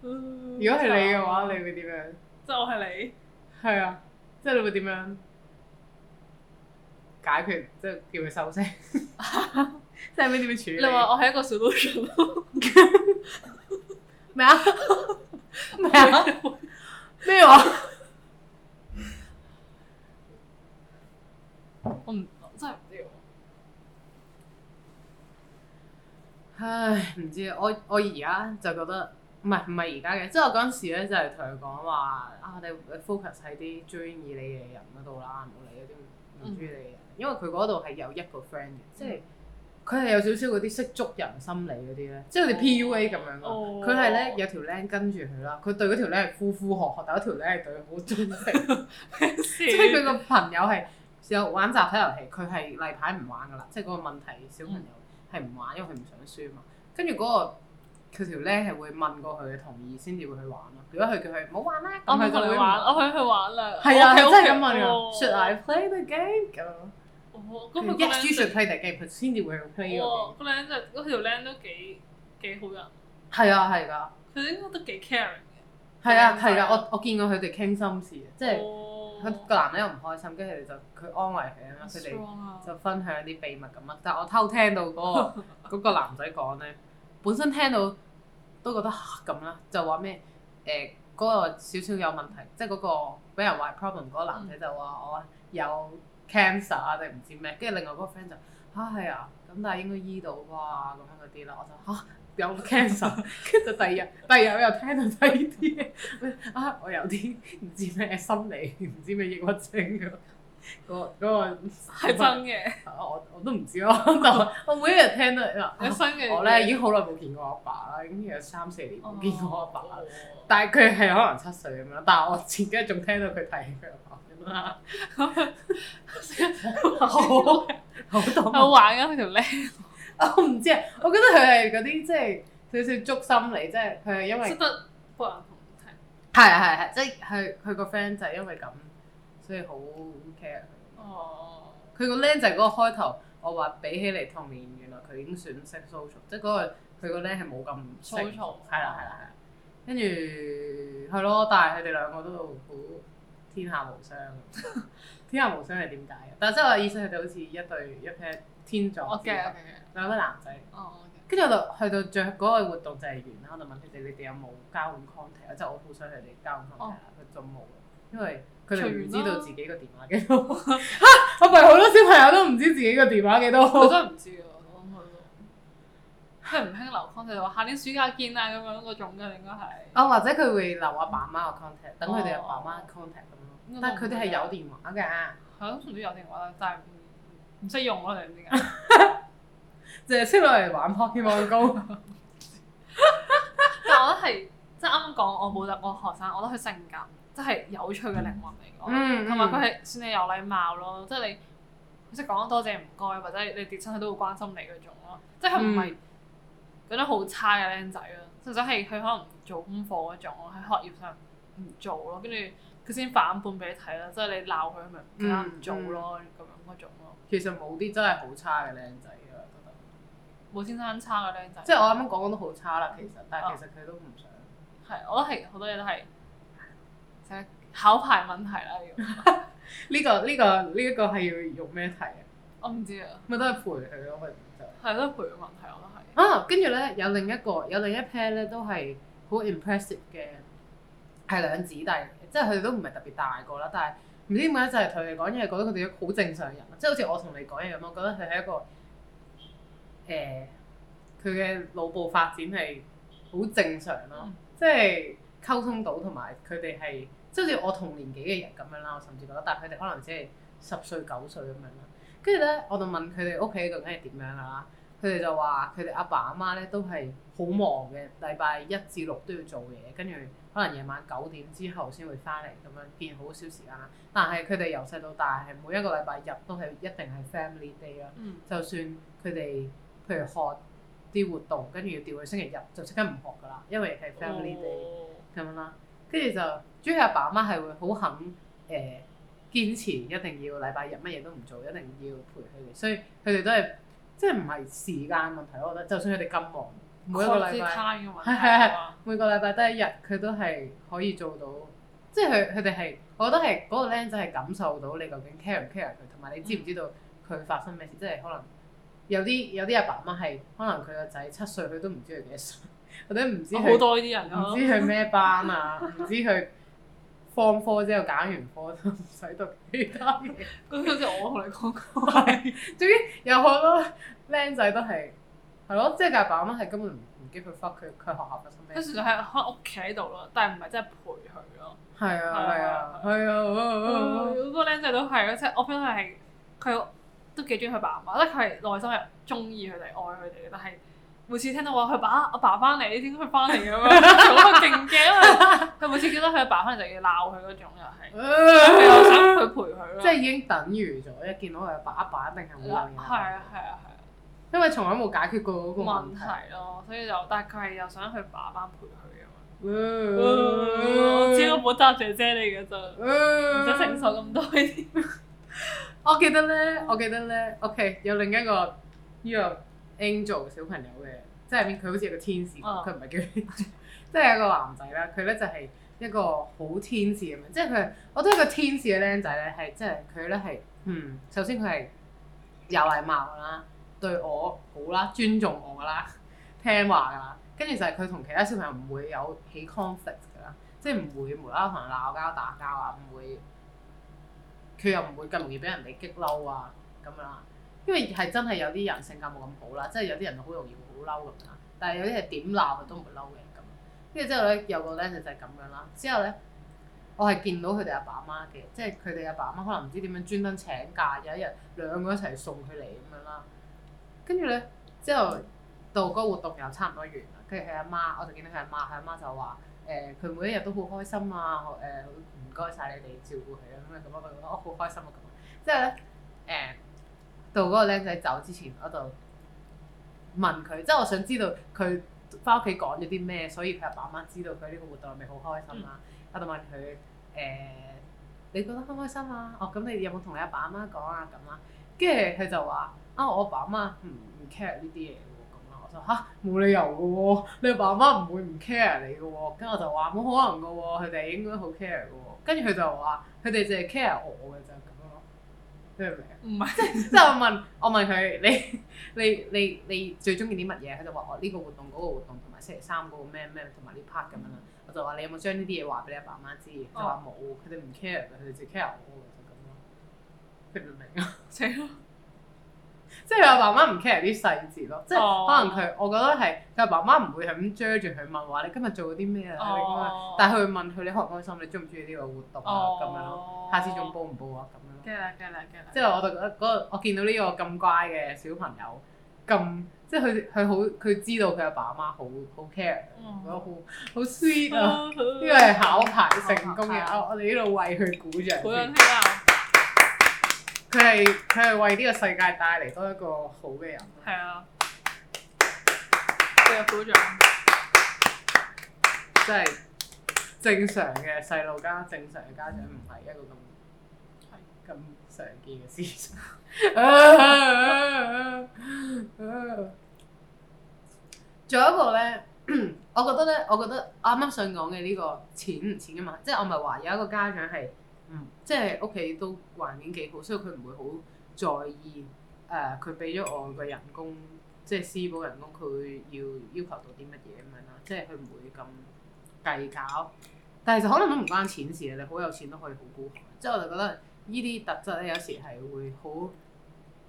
如果係你嘅話，你會點樣？就係你，係啊，即係你會點樣解決？即係叫佢收聲。即係你點樣處理？你話我係一個 solution。咩啊？咩啊？沒有我唔，真係唔知喎。唉，唔知。我我而家就覺得，唔係唔係而家嘅，即係我嗰陣時咧就係同佢講話啊，啊哦、你 focus 喺啲追你嘅人嗰度啦，唔好理嗰啲唔追你嘅人。」因為佢嗰度係有一個 friend 嘅，即係佢係有少少嗰啲識捉人心理嗰啲咧，即係佢 PUA 咁樣咯。佢係咧有條僆跟住佢啦，佢對嗰條僆係呼呼喝喝，但係嗰條僆係對佢好忠誠，即係佢個朋友係。有玩集體遊戲，佢係例牌唔玩㗎喇，即係嗰個問題小朋友係唔玩，因為佢唔想輸嘛。跟住嗰個佢條靚係會問過佢嘅同意先至會去玩咯。如果佢叫佢唔好玩啦，我唔會玩，我會去玩啦。係啦，真係咁問啊。Should I play the game？咁哦，咁 Yes, you should play the game，佢先至會 play。個靚真嗰條靚都幾幾好人。係啊，係㗎。佢應該都幾 care 嘅。係啊，係啊，我我見過佢哋傾心事，即係。佢個男仔又唔開心，跟住佢就佢安慰佢啦，佢哋 So strong. 就分享啲秘密咁啦。但係我偷聽到嗰、嗰個、 *laughs* 個男仔講呢，本身聽到都覺得嚇咁啦，就話咩誒嗰個少少有問題，即係嗰個俾人話 problem 嗰、嗰個男仔就話我有 cancer 啊定唔知咩，跟住另外嗰個 friend 就嚇，係啊，咁、啊、但係應該醫到啩，咁樣嗰啲啦，我就嚇。啊有 cancer，跟住第二日，第二日我又聽到第二啲，啊，我有啲唔知咩心理，唔知咩抑鬱症、嗰個嗰個、啊，嗰個係真嘅，我都我都唔知咯， *laughs* 我每一日聽到啊新嘅，我咧已經好耐冇見過阿爸啦，已經有三四年冇見過阿爸啦，哦嗯、但係佢係可能七歲咁樣，但係我前幾日仲聽到佢提起佢阿爸咁啦，好，好好玩啊佢條靚。 *laughs* 我唔知啊，我覺得佢係嗰啲即係少少觸心嚟，即係佢係因為識得幫人好睇，係係係，即係佢佢個 friend 就係因為咁，所以好 care 佢。哦，佢個僆仔嗰個開頭，我話比起嚟同年，原來佢已經算 social、那個、識 social。即係嗰個佢個僆係冇咁 social，係啦係啦係啦。跟住係咯，但係佢哋兩個都好天下無雙， *laughs* 天下無雙係點解啊？但係即係我意識係哋好似一對一 pair 天作之合 Okay, okay. *laughs* 兩個男仔，跟住、oh, okay. 我就去到最後嗰、那個活動就係完啦。我就問佢哋：你哋有冇交換 contact？即係我好想佢哋交換 contact，佢仲冇、oh.，因為佢哋唔知道自己個電話幾多。 *laughs* 啊、我唔係好多小朋友都唔知自己個電話幾多。 *laughs* 我真係唔知啊，我都唔知。佢唔興留 contact？話下年暑假見啊咁樣嗰種㗎，應該係。啊，或者佢會留阿爸媽個 contact，等佢哋阿爸媽 contact 咁咯、oh.。但係佢哋係有電話㗎。係通常都有電話， *laughs* 但係唔識用咯，你唔知㗎。 *laughs* 就係出落嚟玩 Pokemon Go 但我覺係即係啱啱講，我冇得我學生，我覺得佢性格真係有趣嘅靈魂嚟嘅，同埋佢係算你有禮貌咯，即係你即識講多謝唔該，或者你跌親佢都會關心你嗰種咯，即係佢唔係嗰種好差嘅僆仔咯，或者係佢可能做功課嗰種喺學業上唔做,做咯，跟住佢先反叛俾你睇啦，即係你鬧佢咪唔啱唔做咯咁樣嗰種咯。其實冇啲真係好差嘅僆仔。冇先生差嘅僆仔，即係我啱啱講講都好差啦，其實，但係其實佢都唔想。係、啊，我覺得好多嘢都係，即係考牌問題啦。呢、這個呢、 *laughs* 這個呢一、這個係、這個、要用咩題啊？我唔知啊。咪都係陪佢咯，咪就係。係都係陪嘅問題，我都係。啊，跟住咧有另一個有另一 pair 咧都係好 impressive 嘅，係兩子弟，即係佢哋都唔係特別大個啦，但係唔知點解就係同你講嘢，因為覺得佢哋好正常人，即係好似我同你講嘢咁，我覺得佢係一個。誒，佢嘅腦部發展係好正常咯，嗯、即係溝通到同埋佢哋係，即係好似我同年紀嘅人咁樣啦，我甚至覺得，但係佢哋可能只係十歲九歲咁樣啦。跟住咧，我就問佢哋屋企究竟係點樣啦，佢哋就話佢哋阿爸阿媽咧都係好忙嘅，禮拜、嗯、一至六都要做嘢，跟住可能夜晚九點之後先會翻嚟咁樣，見好少時間。但係佢哋由細到大係每一個禮拜日都係一定係 family day 啦，嗯，就算佢哋。譬如學啲活動，跟住要調去星期日就即刻唔學㗎喇，因為係 family day 咁樣啦。跟住就主要阿爸阿媽係會好肯誒、呃、堅持，一定要禮拜日乜嘢都唔做，一定要陪佢哋。所以佢哋都係即係唔係時間問題，我覺得就算佢哋咁忙，每一個禮拜係係係每個禮拜得一日，佢都係可以做到。即係佢佢哋係，我覺得係嗰、那個靚仔係感受到你究竟 care 唔 care 佢，同埋你知唔知道佢發生咩事，嗯、即係可能。有啲有啲阿爸阿媽係，可能佢個仔七歲，佢都唔知佢幾多歲，或者唔知好多啲人，唔知佢咩班啊，唔知佢放課之後揀完科都唔使讀其他嘢。咁就即我同你講過，係，總之有好多僆仔都係，係咯，即係阿爸阿媽係根本唔唔記得去翻佢佢學校發生咩。佢純粹喺喺屋企喺度咯，但係唔係真係陪佢咯。係啊係啊係啊！好多僆仔都係咯，即係我 friend 係佢。都幾中意佢爸爸，即係佢係內心係中意佢哋、愛佢哋嘅。但係每次聽到話佢爸阿爸翻嚟，你點解佢翻嚟咁樣勁驚？佢 *laughs* 每次見到佢阿爸翻嚟就要鬧佢嗰種又係，係、就係、又想佢陪佢。即係已經等於咗一見到佢阿爸，爸一爸一定係好掛念。係啊係啊係啊，啊啊啊因為從來冇解決過嗰個問題咯、啊，所以就但係佢係又想佢爸爸陪佢咯。知道我知我冇責姐姐你嘅咋，唔使承受咁多。 *laughs* 我記得咧，我記得咧，OK，有另一個呢個 Angel 小朋友嘅，即係佢好似、uh. 一,一,一個天使，佢唔係叫，即係一個男仔啦。佢咧就係一個好天使咁樣，即係佢我都係個天使嘅僆仔咧，係即係佢咧係，嗯，首先佢係有禮貌啦，對我好啦，尊重我啦，聽話噶，跟住就係佢同其他小朋友唔會有起 conflict 噶啦，即係唔會無啦啦同人鬧交打交啊，唔會。佢又唔會咁容易俾人哋激嬲啊咁啦，因為係真係有啲人性格冇咁好啦，即係有啲人好容易會好嬲咁啦。但係有啲人點鬧佢都唔會嬲嘅咁。跟住之後咧，有個靚仔就係咁樣啦。之後咧，我係見到佢哋阿爸阿媽嘅，即係佢哋阿爸阿媽，媽可能唔知點樣專登請假，有一日兩個一齊送佢嚟咁樣啦。跟住咧，之後到嗰個活動又差唔多完啦。跟住佢阿媽，我就見到佢阿媽，媽，佢阿媽，媽就話：誒、呃，佢每一日都好開心啊，誒、呃。唔該晒你哋照顧佢啦，咁就咁樣佢覺得我好、哦、開心啊！咁之後咧，誒、到嗰個靚仔走之前，我問就問佢，即係我想知道佢翻屋企講咗啲咩，所以佢阿爸阿媽知道佢呢個活動係咪好開心啊？我就、嗯、問佢誒、呃、你覺得開唔開心啊？哦咁你有冇同你阿爸阿媽講啊？咁、哦、啊，跟住佢就話啊，我阿爸阿媽唔 care 呢啲嘢咁啊，我就吓，冇理由嘅喎、啊，你阿爸阿媽唔會唔 care 你嘅喎、啊，跟住我就話冇可能嘅喎、啊，佢哋應該好 care 嘅喎。跟住佢就話：佢哋淨係 care 我嘅咋，咁咯，你明唔明。唔係，即係我問我問佢：你你你你最中意啲乜嘢？佢就話：哦，呢、這個活動嗰、這個活動同埋星期三、這個咩咩同埋呢 part 咁樣，我就話：你有冇將呢啲嘢話俾你阿爸媽知？佢話冇，佢哋唔 care 㗎，佢哋淨係 care 我嘅就咁咯。明唔明啊？明。 *laughs* *laughs* 即係佢阿爸媽唔 care 啲細節咯，即係可能佢，我覺得係佢阿爸媽唔會係咁追住佢問話，你今日做咗啲咩啊？但係佢會問佢你開唔開心，你中唔中意呢個活動咁樣咯，下次仲報唔報啊咁樣。即係我就覺得嗰個，我見到呢個咁乖嘅小朋友，咁即係佢佢好佢知道佢阿爸阿媽好好 care，覺得好好 sweet 啊！呢個係考牌成功嘅，我我哋呢度為佢鼓掌。佢係佢係為呢個世界帶嚟多一個好嘅人，係啊，即係好長，即係正常嘅細路家，正常嘅家長唔係一個咁咁的常見嘅事情。仲 *laughs* *laughs* *laughs* 有一個咧， *coughs* 我覺得咧，我覺得啱啱想講嘅呢個錢唔錢啊嘛，即係、就是、我咪話有一個家長係。嗯、即係屋企都環境幾好，所以佢唔會好在意誒，佢俾咗我個人工，即係私補人工，佢要要求到啲乜嘢咁樣啦，即係佢唔會咁計較。但係就可能都唔關錢事嘅，你好有錢都可以好孤寒。即係我就覺得呢啲特質咧，有時係會好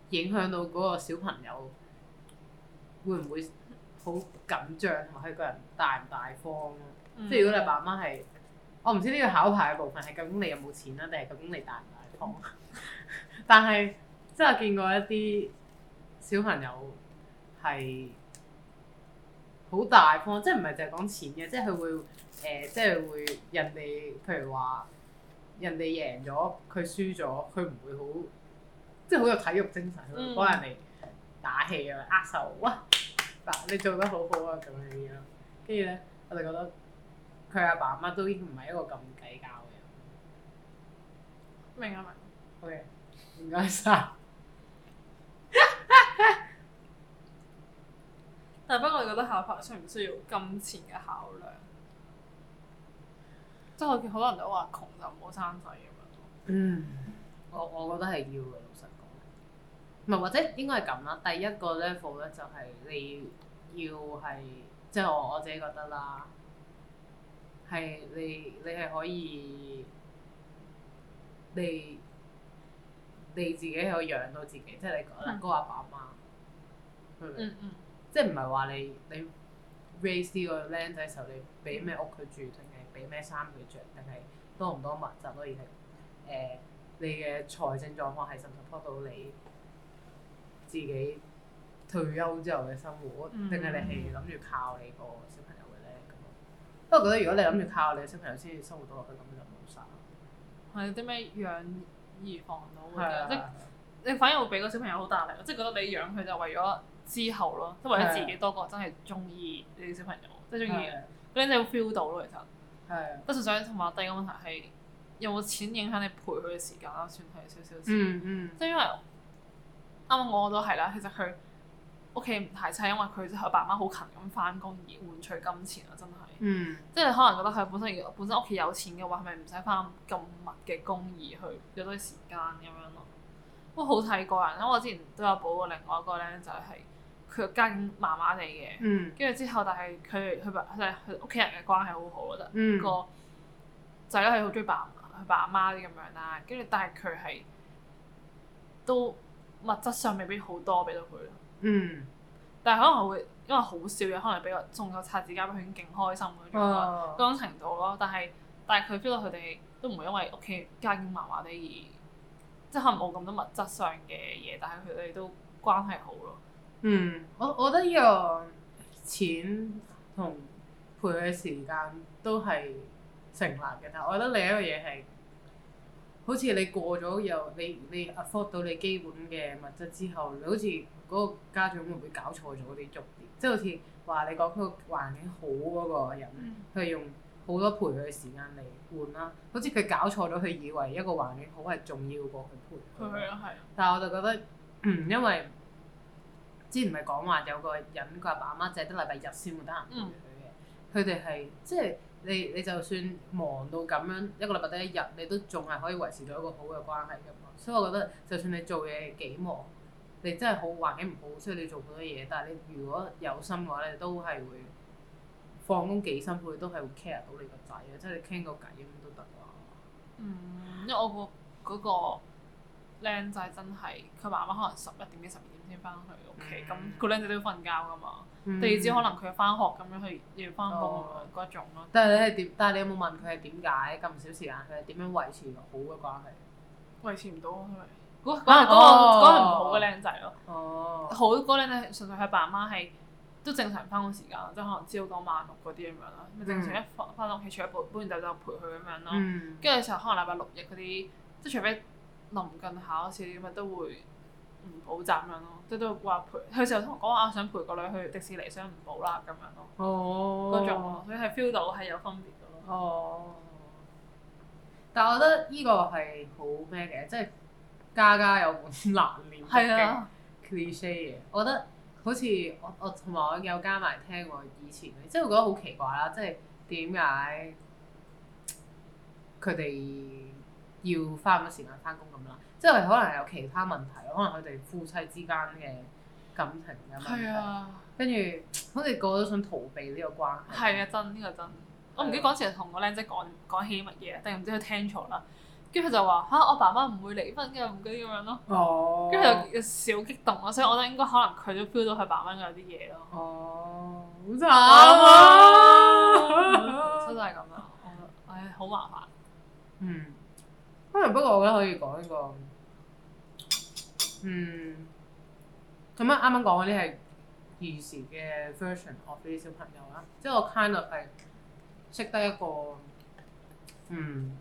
影響到嗰個小朋友會唔會好緊張，同埋佢個人大唔大方咯。嗯、即係如果你爸媽係。我唔知呢個考牌嘅部分係究竟你有冇錢啦，定係究竟你大唔大方？ *laughs* 但係即係我見過一啲小朋友係好大方，即係唔係淨係講錢嘅，即係佢會誒、呃，即係會人哋譬如話人哋贏咗，佢輸咗，佢唔會好即係好有體育精神去幫人哋打氣、嗯、啊，握手哇！嗱，你做得好好啊咁樣樣，跟住咧我就覺得。佢阿爸阿媽，媽都已經唔係一個咁計較嘅，人明。明啊明，好嘅，唔該晒。但不過，你覺得考牌需唔需要金錢嘅考量？即係我見好多人都話窮就唔好生仔咁樣。嗯 *noise* 我我覺得係要嘅，老實講。唔係，或者應該係咁啦。第一個 level 咧就係你要係，即、就、係、係、我我自己覺得啦。係你，你係可以，你你自己可以養到自己，即係你嗰、嗯嗯、個阿爸阿媽，明，即係唔係話你你 raise 個僆仔時候你多多、呃，你俾咩屋佢住，定係俾咩衫佢着定係多唔多物質？當係誒。你嘅財政狀況係甚 u p 到你自己退休之後嘅生活，定係、嗯、你係諗住靠你個。嗯不過覺得如果你諗住靠你嘅小朋友先生活到落去，咁就冇曬。係有啲咩養兒防老嘅、啊、即、啊、你反而會俾個小朋友好大壓力即係覺得你養佢就為咗之後咯，即係、啊、為咗自己多過真係中意你啲小朋友，啊、即係中意嗰啲真係 feel 到咯，其實。係、啊。不過再同埋第二個問題係有冇錢影響你陪佢嘅時間啦，算係少少、嗯。嗯，即係因為啱啱我都係啦，其實佢。屋企唔太差，因為佢佢爸媽好勤咁翻工，而換取金錢啊！真係，嗯、即係可能覺得佢本身本身屋企有錢嘅話，係咪唔使翻咁密嘅工而去有啲時間咁樣咯？不過好睇個人，因為我之前都有補過另外一個咧，就係、是、佢家境麻麻哋嘅，跟住、嗯、之後，但係佢佢爸即係佢屋企人嘅關係好好，覺得、嗯、個仔咧係好中意爸佢爸阿媽啲咁樣啦，跟住但係佢係都物質上未必好多俾到佢。嗯，但係可能會因為好少嘢，可能比較仲有擦紙巾，佢已經勁開心嘅嗰、哦、種程度咯。但係但係佢 feel 到佢哋都唔會因為屋企家境麻麻哋而即係可能冇咁多物質上嘅嘢，但係佢哋都關係好咯。嗯，我我覺得呢個錢同陪佢嘅時間都係成立嘅。但係我覺得另一個嘢係，好似你過咗又你你 afford 到你基本嘅物質之後，你好似。嗰個家長會唔會搞錯咗啲重點？即係好似話你講嗰、嗰個環境好嗰個人，佢、嗯、用好多陪佢嘅時間嚟換啦。好似佢搞錯咗，佢以為一個環境好係重要過佢陪佢。嗯、但係我就覺得，嗯，因為之前咪講話有個人，佢、嗰、阿、個、爸阿媽只得禮拜日先會得閒陪佢嘅。佢哋係即係你你就算忙到咁樣一個禮拜得一日，你都仲係可以維持到一個好嘅關係㗎嘛。所以我覺得，就算你做嘢幾忙。你真係好環境唔好，所以你做好多嘢。但係你如果有心嘅話咧，你都係會放工幾辛苦，你都係會 care 到你個仔嘅，即你傾個偈咁都得咯。嗯，因為我個嗰個靚仔真係佢媽媽可能十一點幾十二點先翻去屋企，咁、嗯、個靚仔都要瞓覺㗎嘛。第二朝可能佢要翻學咁、哦、樣，去要翻工嗰種咯。但係你係點？但係你有冇問佢係點解咁少時間？佢係點樣維持好嘅關係？維持唔到係咪？嗰日嗰個唔好嘅僆仔咯，啊、好嗰僆仔純粹佢爸媽係都正常翻工時間，即係、嗯、可能朝九晚六嗰啲咁樣啦，咪正常一翻翻到屋企，除咗搬搬嘢就就陪佢咁樣咯。跟住有時候可能禮拜六日嗰啲，即係除非臨近考試咁啊，都會唔補習咁樣咯。即係都話陪，佢時候同我講啊，想陪個女去迪士尼，想唔補啦咁樣咯。哦，嗰種咯，所以係 feel 到係有分別咯。哦，但係我覺得呢個係好咩嘅，即係。家家有本難唸嘅經係是啊。cliche 嘅。我覺得好似我我同埋我有加埋聽喎，以前嘅，即係我覺得好奇怪啦，即係點解佢哋要花咁多時間翻工咁啦？即係可能有其他問題，可能佢哋夫妻之間嘅感情嘅問題。是啊，跟住好似個個都想逃避呢個關係。係啊，真，呢個真。是啊、我唔記得嗰時同個靚仔講講起乜嘢，定係唔知佢聽錯啦。跟住佢就話嚇、啊，我爸媽唔會離婚嘅，唔該咁樣咯。跟住又少激動咯，所以我覺得應該可能佢都 feel 到佢爸媽有啲嘢咯。哦，oh. 好慘啊！真係咁啊！唉、 *laughs* 啊，好、嗯哎、麻煩。嗯。不過不過，我覺得可以講一個，嗯，咁啊，啱啱講嗰啲係現時嘅 version of 啲小朋友啦，即、就、係、是、我 kind of 係識得一個，嗯。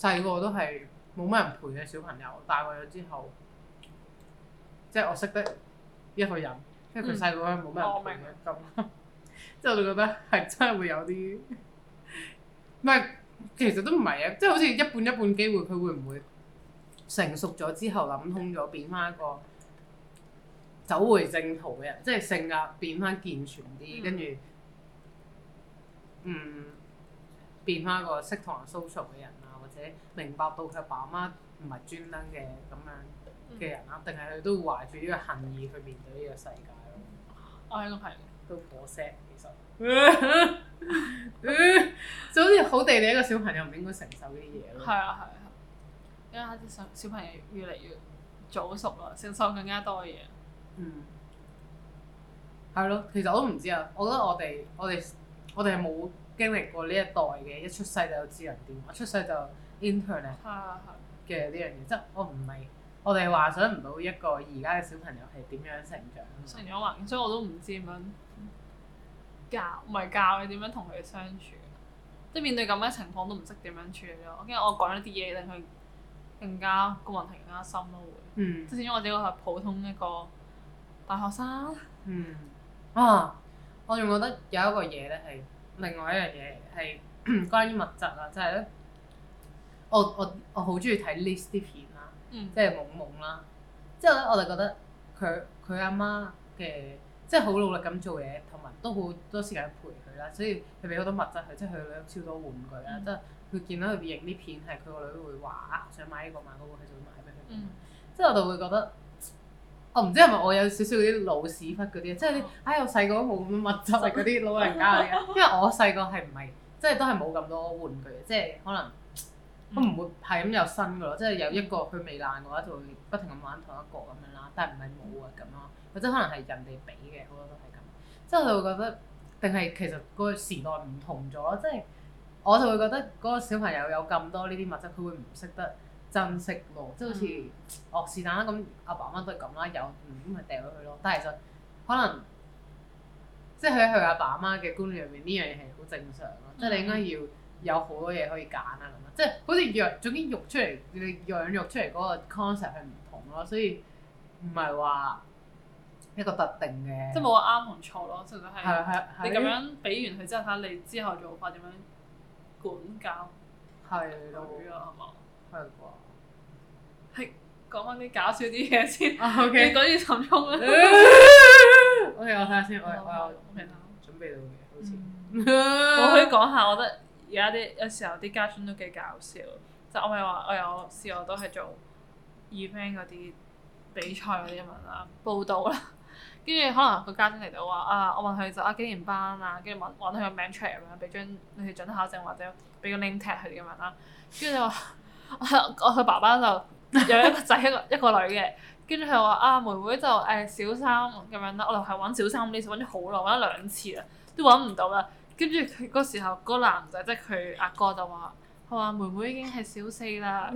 細個都係冇乜人陪嘅小朋友，大個咗之後，即係我識得一個人，嗯、因為佢細個咧冇人陪咁，即係我 *laughs* 就覺得係真係會有啲，唔係其實都唔係啊。即係好似一半一半機會，佢會唔會成熟咗之後諗通咗，變翻一個走回正途嘅人，即係性格變翻健全啲，嗯、跟住嗯變翻一個識同 social 嘅人。或者明白到佢阿爸阿媽唔係專登嘅咁樣嘅人啊，定係佢都懷住呢個恨意去面對呢個世界咯。我覺得係都過 sad。嗯啊、 其實就好似好地地一個小朋友唔應該承受啲嘢咯。係啊係啊，因為啲小朋友越嚟越早熟啦，承受更加多嘢。嗯，係咯，其實我都唔知啊。我覺得我哋我哋我哋係冇。經歷過呢一代嘅一出世就，就有智能電話，出世就 internet 嘅呢樣嘢，即係我唔係我哋幻想唔到一個而家嘅小朋友係點樣成長。成長環境，所以我都唔知點樣教，唔係教你點樣同佢哋相處，即係面對咁嘅情況都唔識點樣處理咯。我驚我講一啲嘢令佢更加個問，問題更加深咯，會、嗯、即係始終我自己係普通一個大學生。嗯啊，我仲覺得有一個嘢咧係。另外一樣嘢係關於物質啊，即係咧，我我我好中意睇 list 啲片啦，嗯、即係懵懵啦，之後咧我就覺得佢佢阿媽嘅即係好努力咁做嘢，同埋都好多時間陪佢啦，所以佢俾好多物質佢，即係佢有超多玩具啦，即係佢見到佢影啲片係佢個女會話，想買呢個買嗰、嗰個，佢就會買俾佢，即係、嗯、我就會覺得。我唔知係咪我有少少啲老屎忽嗰啲，即係啲，唉、哎！我細個冇咁物質嗰啲、就是、老人家嚟嘅，因為我細個係唔係，即係都係冇咁多玩具嘅，即係可能都唔會係咁有新嘅咯，即係有一個佢未爛嘅話，就會不停咁玩同一個咁樣啦。但係唔係冇嘅咁咯，或者可能係人哋俾嘅好多都係咁，即係我會覺得，定係其實個時代唔同咗，即係我就會覺得嗰個，個小朋友有咁多呢啲物質，佢會唔識得。珍惜咯，即係好似哦、嗯、是但啦，咁阿爸阿媽都係咁啦，有唔係、嗯、掉咗佢咯。但係其實可能即係喺佢阿爸阿媽嘅觀念入面，呢樣嘢係好正常咯。即、就、係、是、你應該要有好多嘢可以揀啊咁樣。即係好似養，總之育出育養育出嚟，你養養出嚟嗰個 concept 係唔同咯，所以唔係話一個特定嘅，即係冇話啱同錯咯。即係係係你咁樣俾完佢，之後睇下你之後做法點樣管教係女啊，係嘛是的、嗯？係啩。係講翻啲搞笑啲嘢先。Uh, okay. 你趕啲沉重啊？O K，我睇下先。我我有準備到嘅，好似、uh. 我可以講下。我覺得而家啲有時候啲家長都幾搞笑。就是、說我咪話，我有試過都係做 event 嗰啲比賽嗰啲咁樣啦，報道啦，跟住可能個家長嚟到話啊，我問佢就啊幾年班啊，跟住問揾佢個名出嚟咁樣，俾張你哋准考證，或者俾個 link tag 佢哋咁樣啦，跟住就話。我佢爸爸就有一個仔一個一個女嘅，跟住佢話啊妹妹就誒、欸、小三咁樣啦，我哋係玩小三呢次揾咗好耐，揾咗兩次啦，都揾唔到啦。跟住佢嗰時候嗰個男仔即係佢阿哥就話：佢話妹妹已經係小四啦，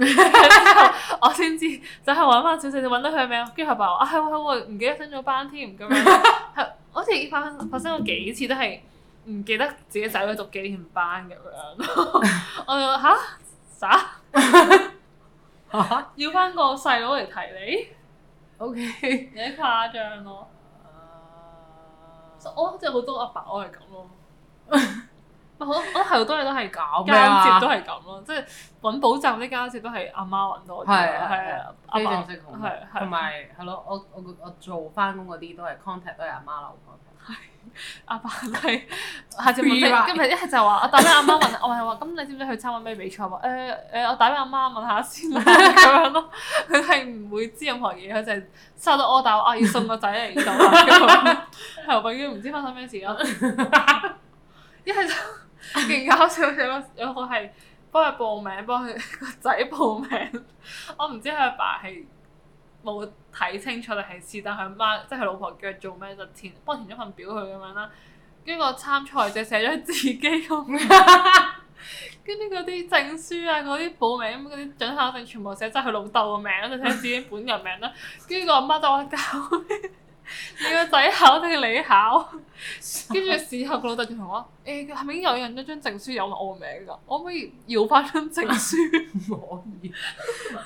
我先知就係揾翻小四，就揾到佢名。跟住佢爸話啊係唔記得分咗班添咁樣，係好似發生發生過幾次都係唔記得自己仔女讀幾年班咁樣。我就嚇啥？啊 *laughs* 要翻個細佬嚟提你？OK，有啲誇張咯，uh, so。我即係好多阿爸，我係咁咯。我我係好多嘢都係咁。間接都係咁咯，即係揾補習啲間接都係阿媽揾多啲。係係阿爸同同埋係咯，我我我做翻工嗰啲都係 contact 都係阿媽留翻。阿爸係下次問佢，跟住一係就話我打俾阿媽，媽問， *laughs* 我係話咁你知唔知佢參加咩比賽喎？誒、呃呃、我打俾阿媽，媽問，問下先啦咁 *laughs* 樣咯，佢係唔會知任何嘢，佢就收到我，但係我、啊、要送個仔嚟就係永遠唔知發生咩事咯。一係 *laughs* 就勁搞笑嘅有個係幫佢報名，幫佢個仔報名，我唔知佢阿爸係。冇睇清楚定係是但，佢阿媽即係佢老婆叫佢做咩就填，幫填咗份表佢咁樣啦。跟住個參賽者寫咗自己個名，跟住嗰啲證書啊、嗰啲報名嗰啲準考證，全部寫真係佢老豆個名，就寫自己本人名啦。跟住 *laughs* 個阿媽就揾佢。 *laughs* 你個仔考定係你考？跟 *laughs* 住事後個老豆就同我誒，係咪已經有人一張證書有埋我名噶？可唔可以要翻張證書？唔、啊、可以，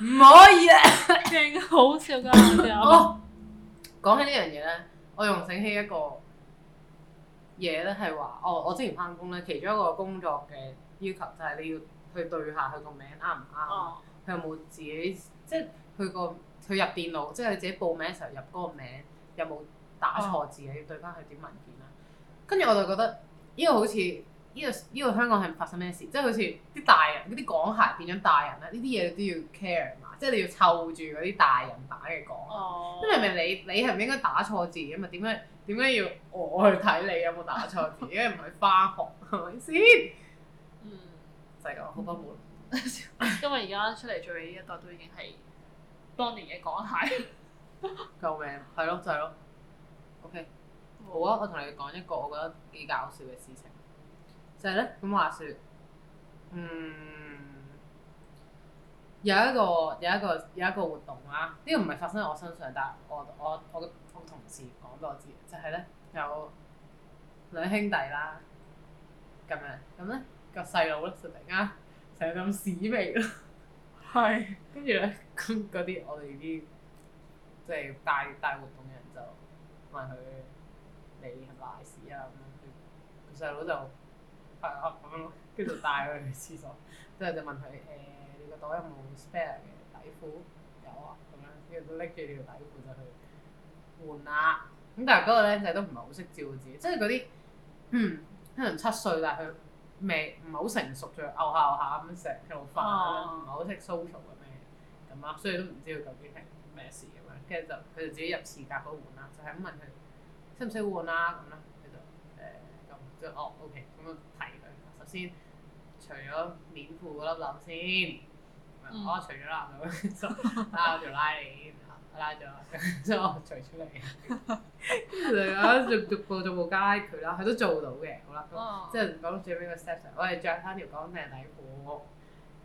唔可以啊，勁 *laughs* 好笑噶。哦， *laughs* 講、oh，起呢樣嘢咧，我用醒起一個嘢咧，係話我我之前翻工咧，其中一個工作嘅要求就係你要去對下佢個名啱唔啱，佢，oh。有冇自己即係佢個佢入電腦，即係佢自己報名嘅時候入嗰個名。有冇打錯字啊？Oh. 要對翻佢啲文件啦。跟住我就覺得呢、呢個好似呢、呢個呢、呢個香港係發生咩事？即、就、係、是、好似啲大人啲港孩變咗大人啦。呢啲嘢都要 care 嘛，即、就、係、是、你要湊住嗰啲大人打嘅港。咁明明你你係唔應該打錯字啊嘛？點解點解要我去睇你有冇打錯字？因為唔係翻學係咪先？嗯，就係咁好不滿。 *laughs* 因為而家出嚟做嘢呢一代都已經係當年嘅港孩。救命！係咯，就係咯。OK，好啊，我同你講一個我覺得幾搞笑嘅事情。就係咧，咁話説，嗯，有一個有一個有一個活動啦。呢個唔係發生喺我身上，但係我我我我同事講俾我知，就係、是、咧有兩兄弟啦，咁樣咁咧，個細佬咧就突然間成日咁屎味咯。係 *laughs* 是，跟住咧嗰啲我哋啲。即係帶帶活動嘅人就問佢，你係賴屎啊？咁樣，細佬就係啊咁樣，跟住帶佢去廁所，即係就問佢誒你個袋有冇 spare 嘅底褲？有啊咁樣，跟住拎住條底褲就去換啦、啊。咁但係嗰個僆仔都唔係好識照顧自己，即係嗰啲可能七歲，但係佢未唔係好成熟，仲係嘔下嘔下唔係好識 social 咁樣咁啊，所以都唔知佢究竟係。咩事咁樣？跟住就佢就自己入視覺嗰換啦，就係咁問佢，需唔需要換啊？咁啦，佢就誒咁，即係哦，OK，咁樣提佢。首先除咗棉褲嗰粒粒先，我除咗粒粒，就拉咗條拉鏈，拉咗，即係我除出嚟，跟住啊，逐逐步逐步加佢啦，佢都做到嘅。好啦，咁即係講最尾個 steps 係，我哋着翻條高定底褲！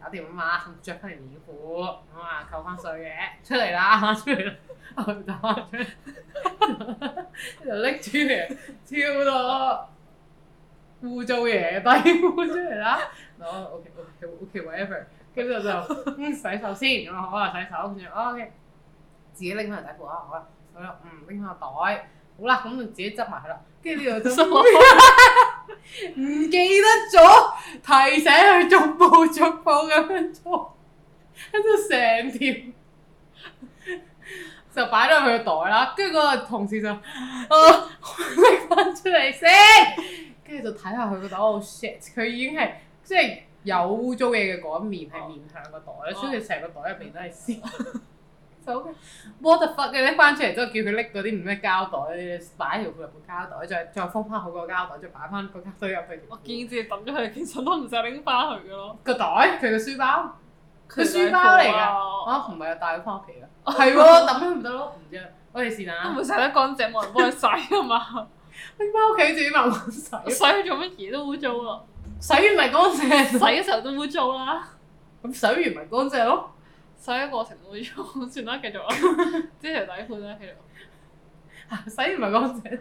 打電話啊！著翻條短褲，咁啊扣翻稅嘅，出嚟啦！出嚟啦！我打翻出嚟，就拎出嚟超多污糟嘢底褲出嚟啦！攞，ok，ok，ok，whatever。跟住就嗯洗手先咁啊，好啦，洗手。跟住啊 ok，自己拎翻條底褲啊，好啦，好啦，嗯，拎下袋，好啦，咁就自己執埋啦。跟住呢度。唔記得咗，提醒佢逐步逐步咁樣做，跟住成條 *laughs* 就擺咗佢個袋啦。跟住個同事就，啊就看看，哦，拎翻出嚟先，跟住就睇下佢個袋，好 shit 佢已經係即係有污糟嘢嘅嗰一面係，嗯、面向個袋，所以成個袋入面都係屎，哦。 *laughs* 就嘅，摸到粉嘅咧，翻出嚟之後叫佢拎嗰啲唔咩膠袋，擺條布入個膠袋，再再封翻好個膠袋，再擺翻個袋入去。我見住抌咗佢，其實都唔使拎翻去嘅咯。個袋？佢個書包？佢書包嚟㗎。啊，唔係又帶佢翻屋企啦。係喎，抌咗唔得咯，唔知啊。我哋試下。唔會洗得乾淨，冇人幫佢洗啊嘛。拎翻屋企自己慢慢洗。洗做乜嘢都污糟咯。洗完咪乾淨，洗嘅時候都污糟啦。咁洗完咪乾淨咯。洗嘅過程冇錯，算啦，繼續啦，即條底褲啦，喺度 *laughs* 洗唔係講正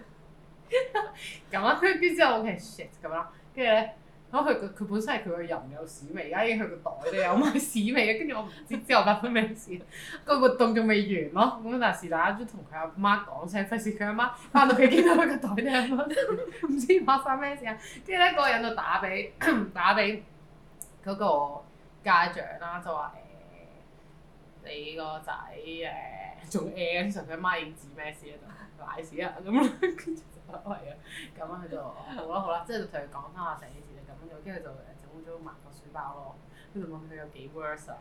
咁啦，跟住之後 OK，咁啦，跟住咧，咁佢佢本身係佢個人有屎味，而家已經佢個袋都有埋屎味，跟住我唔知之後發生咩事，個活動仲未完咯。咁但係大家都同佢阿媽講聲，費事佢阿媽翻到佢見到佢個袋咧，唔知發生咩事啊。跟住咧嗰個人就打俾打俾嗰個家長啦，就話你個仔誒做 M，佢阿媽應指咩事啊，啊？就賴屎啊咁，跟住就係啊。咁佢就好啦好啦，即係同佢講啦，成件事就咁樣就。跟住就整污糟埋個書包咯。跟住問佢有幾 words 啊？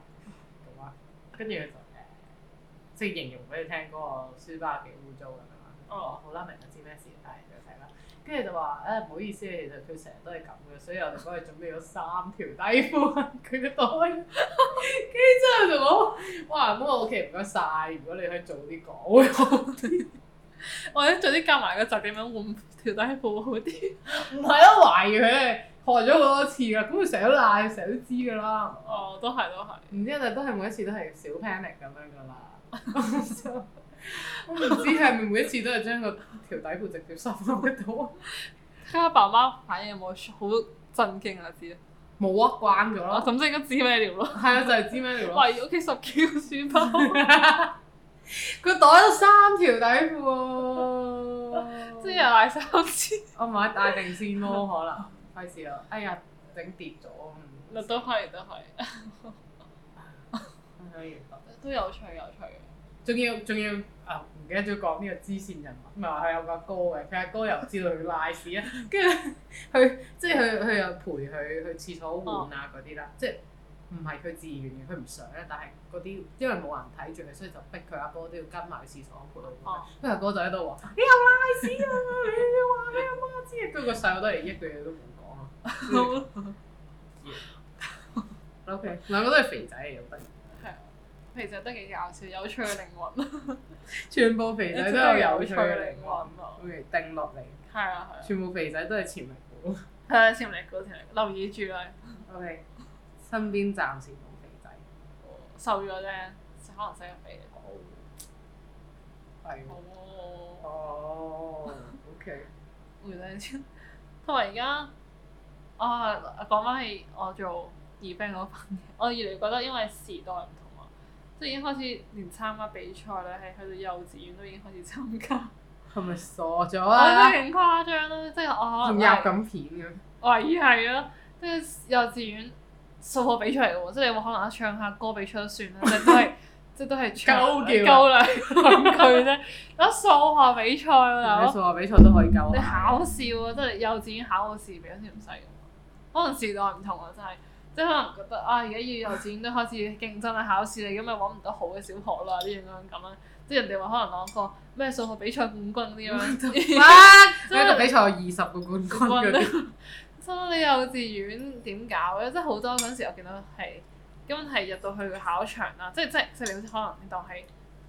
咁啊，跟住佢就誒，即係形容俾你聽嗰個書包幾污糟咁樣。哦，好啦，明唔知咩事，但係就睇啦。跟住就話，誒、哎、唔好意思，其實佢成日都係咁嘅，所以我幫佢準備咗三條底褲喺佢個袋，跟住之後就講，哇咁我屋企唔該晒。如果你可以早啲講會好啲， *laughs* 或者早啲夾埋個雜記文換條底褲好啲。唔係啊，懷疑佢 *laughs* 學咗好多次啦，咁佢成日都賴，成日都知噶啦。哦，都係都係，唔知啊，都係每一次都係小 panic 咁樣噶啦。我唔知係咪每一次都係將個條底褲直接收唔度啊？睇下爸爸媽媽反應有冇好震驚啊知啊！冇啊，關咗咯，甚至都知咩料咯。係啊， *laughs* 就係、係、知咩料咯。哇！屋企十幾個書包佢袋咗三條底褲喎、啊，即係 *laughs* 又捱三次。 *laughs* 我買大定先咯，可能費事啊！哎呀，整跌咗，都係都係， *laughs* *laughs* *laughs* 都有趣有趣仲要仲要啊！唔記得咗講呢個支線人物。唔係話佢有個哥嘅，佢阿哥又知道佢拉屎啊！跟住佢即係佢佢又陪佢去廁所換啊嗰啲啦，即係唔係佢自願嘅，佢唔想啊，但係嗰啲因為冇人睇住佢，所以就逼佢阿哥都要跟埋去廁所換。佢阿哥就喺度、 *laughs* 啊、話：你又拉屎啊！你話俾阿媽知啊！跟住個細佬都係一句嘢都唔講啊！O K，兩個都係肥仔嚟嘅，不如。肥仔都幾搞笑，有趣嘅靈魂。 *laughs* 全部肥仔都有有趣嘅靈魂。 *noise* okay，定落嚟。係啊係啊。全部肥仔都係潛力股。係 *laughs* 啊，潛力股潛力股，留意住啦。O.K. 身邊暫時冇肥仔。 *laughs* 瘦咗啫，可能成日肥。哦。係。哦。O.K. 應該同埋而家，啊講翻起我做 event 嗰份， *laughs* 我越嚟覺得因為時代。即已經開始，連參加比賽咧，係去到幼稚園都已經開始參加。係咪傻咗啊？咁誇張啦！即係我可能。仲有咁片嘅、啊？我懷疑依係咯，即係幼稚園數學比賽嚟嘅喎。即係你話可能一唱下歌比賽算 *laughs* 都算啦，即係都係，即係都係高叫高嚟咁佢咧。一數學比賽啊，係咪數學比賽都可以鳩。你考試啊，即係幼稚園考個試，邊啲唔使嘅？可能時代唔同啊，真係。即係可能覺得啊，而家要幼稚園都開始競爭啦，考試你咁咪揾唔到好嘅小學啦，呢樣咁啦。即係人哋話可能攞個咩數學比賽冠軍啲咁樣，我喺度比賽有二十個冠軍嗰啲。所以你幼稚園點搞？即係好多嗰陣時我，我見到係根本係入到去考場啦，即係即係即係，好似可能你當係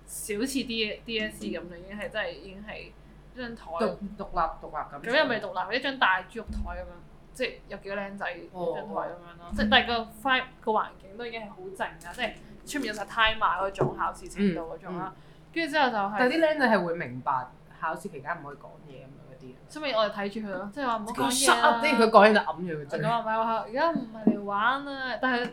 小似 D D、嗯、S 咁啦，已經係真係已經係張台獨立獨立咁。咁又咪獨立？一張大豬肉台咁樣。即係有幾個靚仔張枱咁樣咯，即係但係個 f i 環境都已經係好靜噶，即係出面有曬 tim 啊嗰種考試程度嗰種啦，跟住之後就係。但啲靚仔係會明白考試期間唔可以講嘢咁樣嗰啲。所以我哋睇住佢咯，即係話唔好講嘢，即佢收佢講嘢就揞住佢嘴。我咪話而家唔係嚟玩啊，但係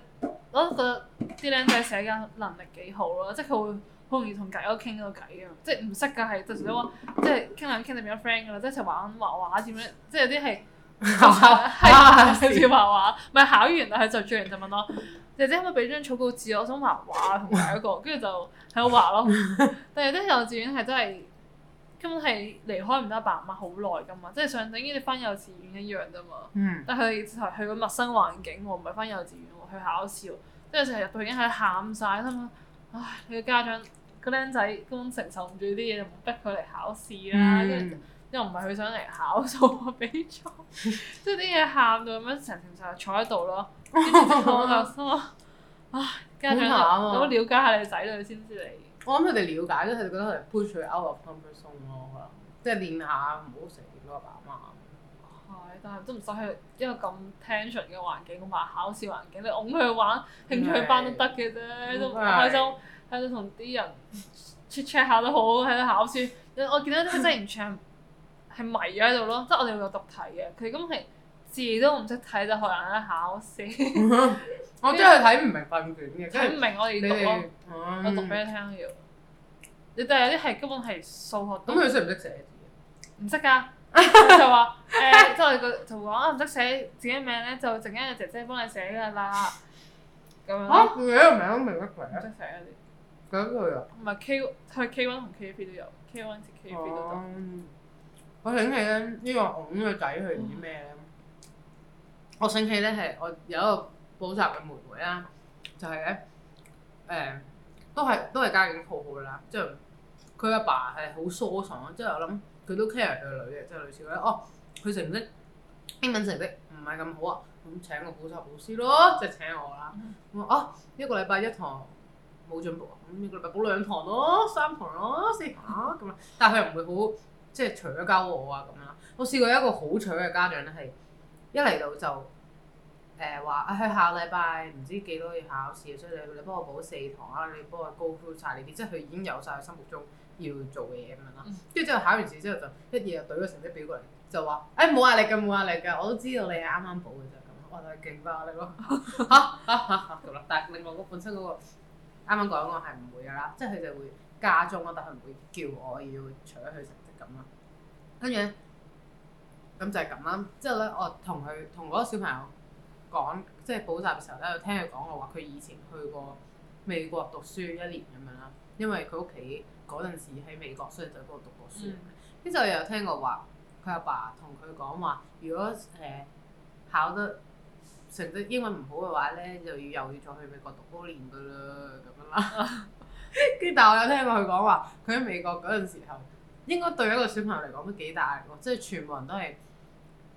我都覺得啲靚仔社交能力幾好咯，即係佢會好容易同隔籬傾到偈啊，即係唔識㗎係就純粹話，即係傾下傾就變咗 friend 㗎啦，即一齊玩畫畫咁樣，即係有啲係。畫畫係寫漫畫，唔係 *laughs* *laughs* 考完啦，佢就最完就問咯。姐姐可唔可以俾張草稿紙，我想畫畫同埋一個，跟住就喺度畫咯。但係啲幼稚園係真係根本係離開唔得爸媽好耐噶嘛，即係上等於你翻幼稚園一樣啫嘛。但係就係去個陌生環境喎，唔係翻幼稚園喎，去考試喎。跟住成日到已經喺度喊晒，心諗唉，你嘅家長個僆仔根本承受唔住啲嘢，就唔逼佢嚟考試啦。跟住、嗯。又唔係佢想嚟考數學，比賽，即係啲嘢喊到咁樣，成條成日坐喺度咯。跟住我就心諗，唉、啊，家長，我瞭、啊、解下你仔女先先嚟。我諗佢哋瞭解都係覺得係 push out of competition 咯，可能即係練下，唔好成日練嗰個班啊。係，但係都唔使去一個咁 tension 嘅環境，同埋考試環境。你㧬佢去玩興趣班都得嘅啫，是都開心喺度同啲人 check check 下都好，喺度考試。我見到啲真係唔長。係迷咗喺度咯，即係我哋會有讀題嘅，佢根本係字都唔識睇就學人喺考試。我真係睇唔明片段嘅，睇唔明我哋讀咯，我讀俾你聽要。你但有啲係根本係數學。咁佢識唔識寫字？唔識噶，就話誒，即係佢就話我唔識寫自己名咧，就陣間你姐姐幫你寫噶啦。咁樣。佢自己個名都唔識寫。唔識寫嗰啲，咁佢啊？唔係 K 係 K One 同 K A P 都有，K One 同 K A P 都得。我醒起咧，呢個我諗個仔去啲咩咧？我醒起咧，係我有一個補習嘅妹妹啦，就係咧誒，都係都係家境好好啦，即係佢阿爸係好疏爽，即係我諗佢都 care 佢個女嘅，即係類似佢。哦，佢成績英文成績唔係咁好啊，咁請個補習老師咯，即係請我啦。我話哦，一個禮拜一堂冇進步啊，咁一個禮拜補兩堂咯，三堂咯，四堂咁啊，但係佢又唔會好。即係搶教我啊咁樣，我試過一個好搶嘅家長咧，係一嚟到就誒話：，佢、欸哎、下禮拜唔知幾多嘢考試，所以你你幫我補四堂啊，你幫我 go through 曬呢啲，即係佢已經有晒佢心目中要做嘅嘢咁樣啦。跟住之後考完試之後就一夜懟咗成績表過嚟，就話：，哎、欸、冇壓力㗎，冇壓力㗎，我都知道你係啱啱補嘅啫。哇，勁巴力咯嚇嚇嚇，得 *laughs* *laughs* *laughs* 但係另外我本身嗰、那個啱啱講嗰個係唔會㗎啦，即係佢就會加鐘咯，但係唔會叫我要搶佢成績。跟住咧，咁就係咁啦。之後咧，我同佢同嗰個小朋友講，即係補習嘅時候咧，我聽佢講嘅話，佢以前去過美國讀書一年咁樣啦。因為佢屋企嗰陣時喺美國，所以就喺嗰度讀過書。跟住、嗯、又有聽過話，佢阿爸同佢講話，如果誒考得成績英文唔好嘅話咧，就要又要再去美國讀多年嘅啦咁樣啦。跟住，但我有聽過佢講話，佢喺美國嗰陣時候，應該對一個小朋友嚟講都幾大喎，即係全部人都係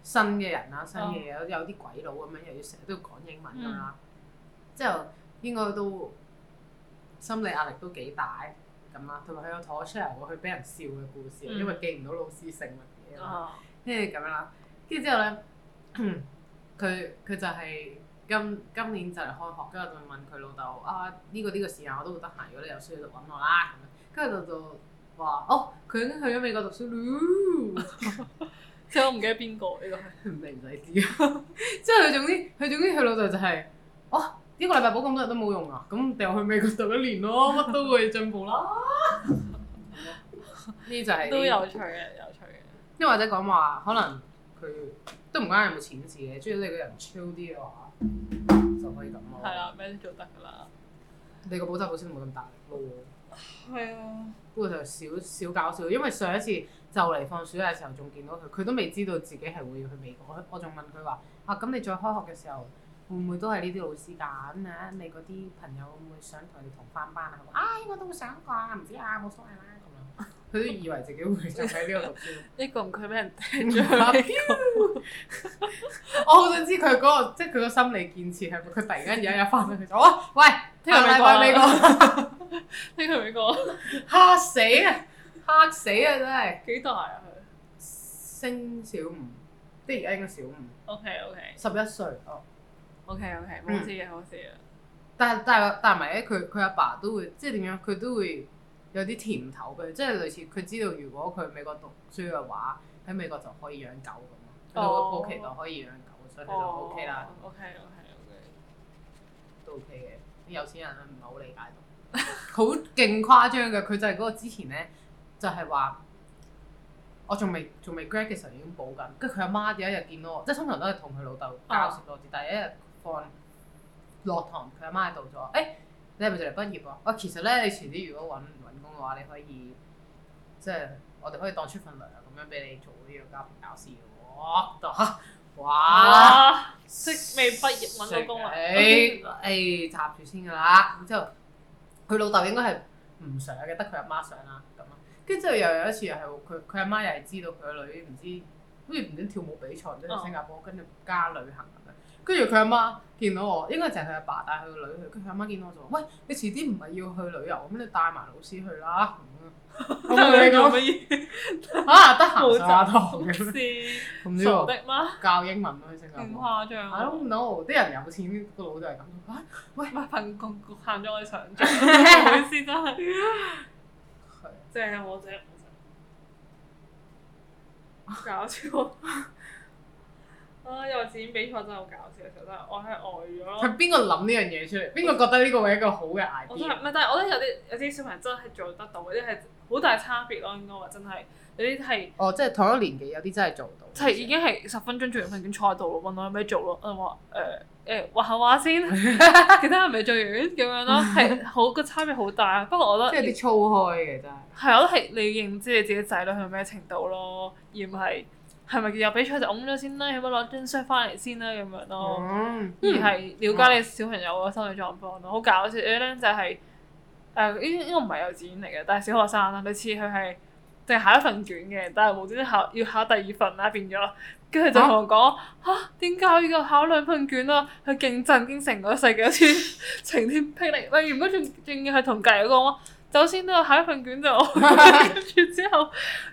新嘅人啦，新嘅嘢、oh. 有啲鬼佬咁樣，又要成日都要講英文啦，mm. 之後應該都心理壓力都幾大咁啦，同埋佢有坐出嚟我去俾人笑嘅故事，mm. 因為記唔到老師姓乜嘢，跟住咁樣啦，跟住之後咧，佢佢就係、是、今今年就嚟開學，跟住我就問佢老豆啊呢、這個呢、這個這個時間我都會得閒，如果你有需要就揾我啦，咁樣，跟住就就。就話，哦，佢已經去咗美國讀書 *laughs* 即係我唔記得邊個呢個，唔 *laughs* 明唔使知。 *laughs* 即係佢總之，佢總之去、就係，佢老豆就係哦，呢個禮拜補咁多日都冇用啊，咁掉去美國讀一年咯，乜都會進步啦。呢、 *laughs* 啊、 *laughs* 就係、係、都有趣嘅，有趣嘅。因為或者講話，可能佢都唔關係有冇錢事嘅，只要你個人 chill 啲嘅話，就可以咁咯。係啊，咩都做得噶啦。你個補習老師冇咁大 l 係啊，不過就少少搞笑，因為上一次 *music* 就嚟放暑假嘅時候，仲見到佢，佢都未知道自己係會去美國。我仲問佢話：啊，咁你再開學嘅時候，會唔會都係呢啲老師㗎？咁啊，你嗰啲朋友會唔會想同你同翻班啊？佢話：「啊，哎、我都會想啩，唔知啊，冇所謂啦。」佢都以為自己會就喺呢度讀書。你講佢俾人掟咗去美國 *laughs* *laughs* 我好想知佢嗰、嗰個，即係佢個心理建設係咪？佢突然間有一日翻到去，我、 *laughs* 哦、喂，聽日美國啊？聽日美國？嚇死啊！嚇死啊！真係幾大啊？佢升小五，即係而家應該小五。O K O K。十一歲，哦。O K O K，冇事嘅，冇事嘅。但係但係但係，唔係咧，佢佢阿爸都會，即係點樣？佢都會。有啲甜頭嘅，即係類似佢知道，如果佢去美國讀書嘅話，喺美國就可以養狗咁。佢好期待可以養狗，所以你就 OK 啦。Oh. OK OK OK，都 OK 嘅。啲有錢人唔係好理解到。好 *laughs* 勁誇張嘅，佢就係嗰個之前咧，就係、是、話我仲未仲未 graduate 嘅時候已經補緊。跟住佢阿媽第一日見到我，即係通常都係同佢老豆交涉多啲，oh. 但係第一日放落堂，佢阿媽喺度咗。誒、欸，你係咪就嚟畢業啊？我其實咧，你遲啲如果揾。揾工嘅話，你可以即係我哋可以當出份糧咁樣俾你做呢個家庭搞笑哇哇！即未哇畢業揾到工啊？誒誒便，暫住 OK、哎、先㗎啦。咁之後，佢老豆應該係唔想嘅，得佢阿媽想啊咁啊。跟住之後又有一次，又係佢佢阿媽又係知道佢個女唔知好似唔知跳舞比賽，唔知喺新加坡跟住加旅行。跟住佢阿媽見到我，應該成日佢阿爸帶佢個女去。佢阿媽見到我就話，喂，你遲啲唔係要去旅遊，咁你帶埋老師去啦。我哋做乜嘢？啊，得閒上堂。唔知。熟的嗎？教英文咯，喺新加坡。唔誇張。係咯，no，啲人有錢個老豆係咁。啊，喂，唔係貧窮限咗我上老師真係。正即係我，即係我，啊！幼稚園比賽真係好搞笑，其實真係我係呆咗。係邊個諗呢樣嘢出嚟？邊個覺得呢個係一個好嘅 idea 我都係，唔係，但係我覺得有啲有啲小朋友真係做得到，嗰啲係好大差別咯。應該話真係有啲係。哦，即係同一年紀有啲真係做到。係已經係十分鐘做完份卷賽到。咯，問我有咩做咯？我、呃呃、話誒誒畫下畫先，其他人咪做完咁 *laughs* 樣咯。係好個差別好大，不過我覺得。即係啲粗開嘅真係。係，我覺得係你要認知你自己仔女係咩程度咯，而唔係。係咪叫有比賽就拱咗先啦？起碼攞張 shirt 翻嚟先啦，咁樣咯。嗯、而係了解你小朋友個心理狀況咯，好、啊、搞笑誒！咧就係誒，呢應該唔係幼稚園嚟嘅，但係小學生啦。類似佢係淨係考一份卷嘅，但係無端端考要考第二份啦、啊，變咗。跟住就同我講啊，點解要考兩份卷啊？佢勁震驚，成個世界好似晴天霹靂，喂！如果仲仲要係同隔籬個。首先都考一份卷就，跟住之後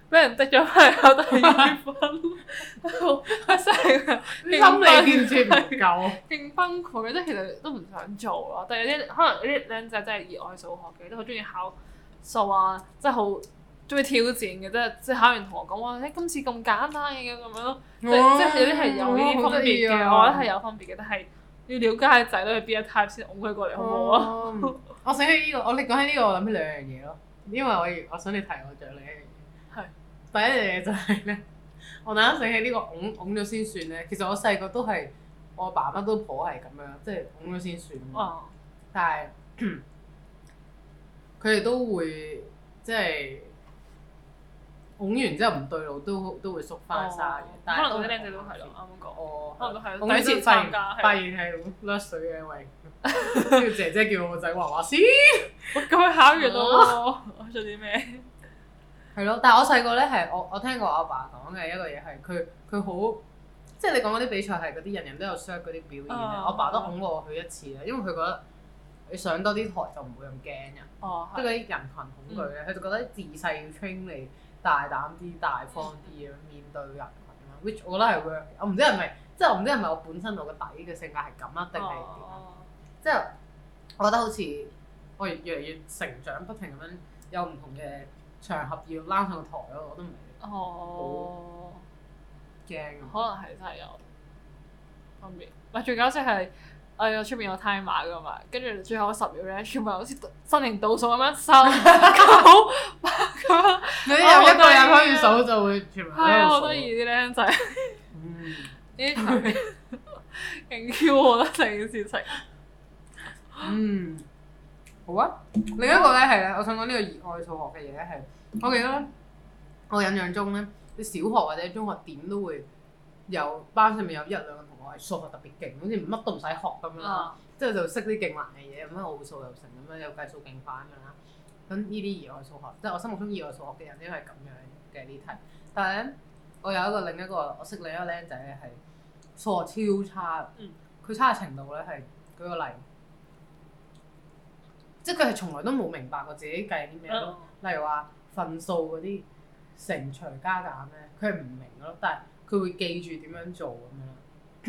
俾人滴咗翻考得二分，好 *laughs* *laughs* *laughs* 心理完全唔夠，勁崩潰，即係其實都唔想做咯。但係有啲可能有啲靚仔真係熱愛數學嘅，都好中意考數啊，即係好中意挑戰嘅，即係即係考完同我講話，誒、欸、今次咁簡單嘅咁樣咯哇，即係有啲係有呢啲分別嘅，我覺得係有分別嘅，但係要了解仔女係邊一 type 先㧬佢過嚟，好唔好啊？嗯我醒起呢、這個，我你講起呢、這個，我諗起兩樣嘢咯。因為我，我想你提我另一樣嘢，係是第一樣嘢就係、是、咧，我突然醒起呢、這個擁擁咗先算咧。其實我細個都係我爸爸都婆係咁樣，即係擁咗先算。哦。但係佢哋都會即係。恐完之後唔對路都都會縮返晒嘅。但可能我啲靚仔都係咯，啱啱講。哦，可能都係咯，第一次參加係，發現係甩水嘅位，啲姐姐叫我個仔話話先，咁佢考完啦，做啲咩？係咯，但係我細個咧係我我聽過我爸講嘅一個嘢係佢佢好，即係你講嗰啲比賽係嗰啲人人都有 share 嗰啲表演，我爸都恐過我去一次啦，因為佢覺得你上多啲台就唔會咁驚嘅，即係嗰啲人群恐懼咧，佢就覺得自細要 t r 大膽啲、大方啲咁面對人群啦，which 我覺得係 work。我唔知係咪，即係 *music* 我唔知係咪我本身我個底嘅性格係咁啦，定係點？即係我覺得好似我越嚟越成長，不停咁樣有唔同嘅場合要拉上台咯，我都唔係哦，驚可能係真係有分別。嗱，最搞笑係。哎呀，出面有 time 碼噶嘛？跟住最後十秒咧，全部好似新年倒數咁樣，收。咁 *laughs* 你有一個人可以數就會全部。係啊、 *laughs* 哦，好得意啲靚仔。嗯。 *laughs* 咦？勁 Q 喎，成件事情。嗯。 *laughs* 好啊，另一個咧係咧，我想講呢個熱愛數學嘅嘢咧係， *laughs* 我記得我印象中咧，你小學或者中學點都會有班上面有一兩個。係數學特別勁，好似乜都唔使學咁樣咯，即係、啊、就識啲勁難嘅嘢咁樣，奧數又成咁樣，又計數勁快噶啦。咁呢啲意外數學，即係我心目中意外數學嘅人，都係咁樣嘅呢題。但係咧，我有一個另一個，我識另一個僆仔係數學超差。佢、嗯、差嘅程度咧係舉個例，即係佢係從來都冇明白過自己計啲咩咯。例如話分數嗰啲乘除加減咧，佢係唔明咯，但係佢會記住點樣做咁樣。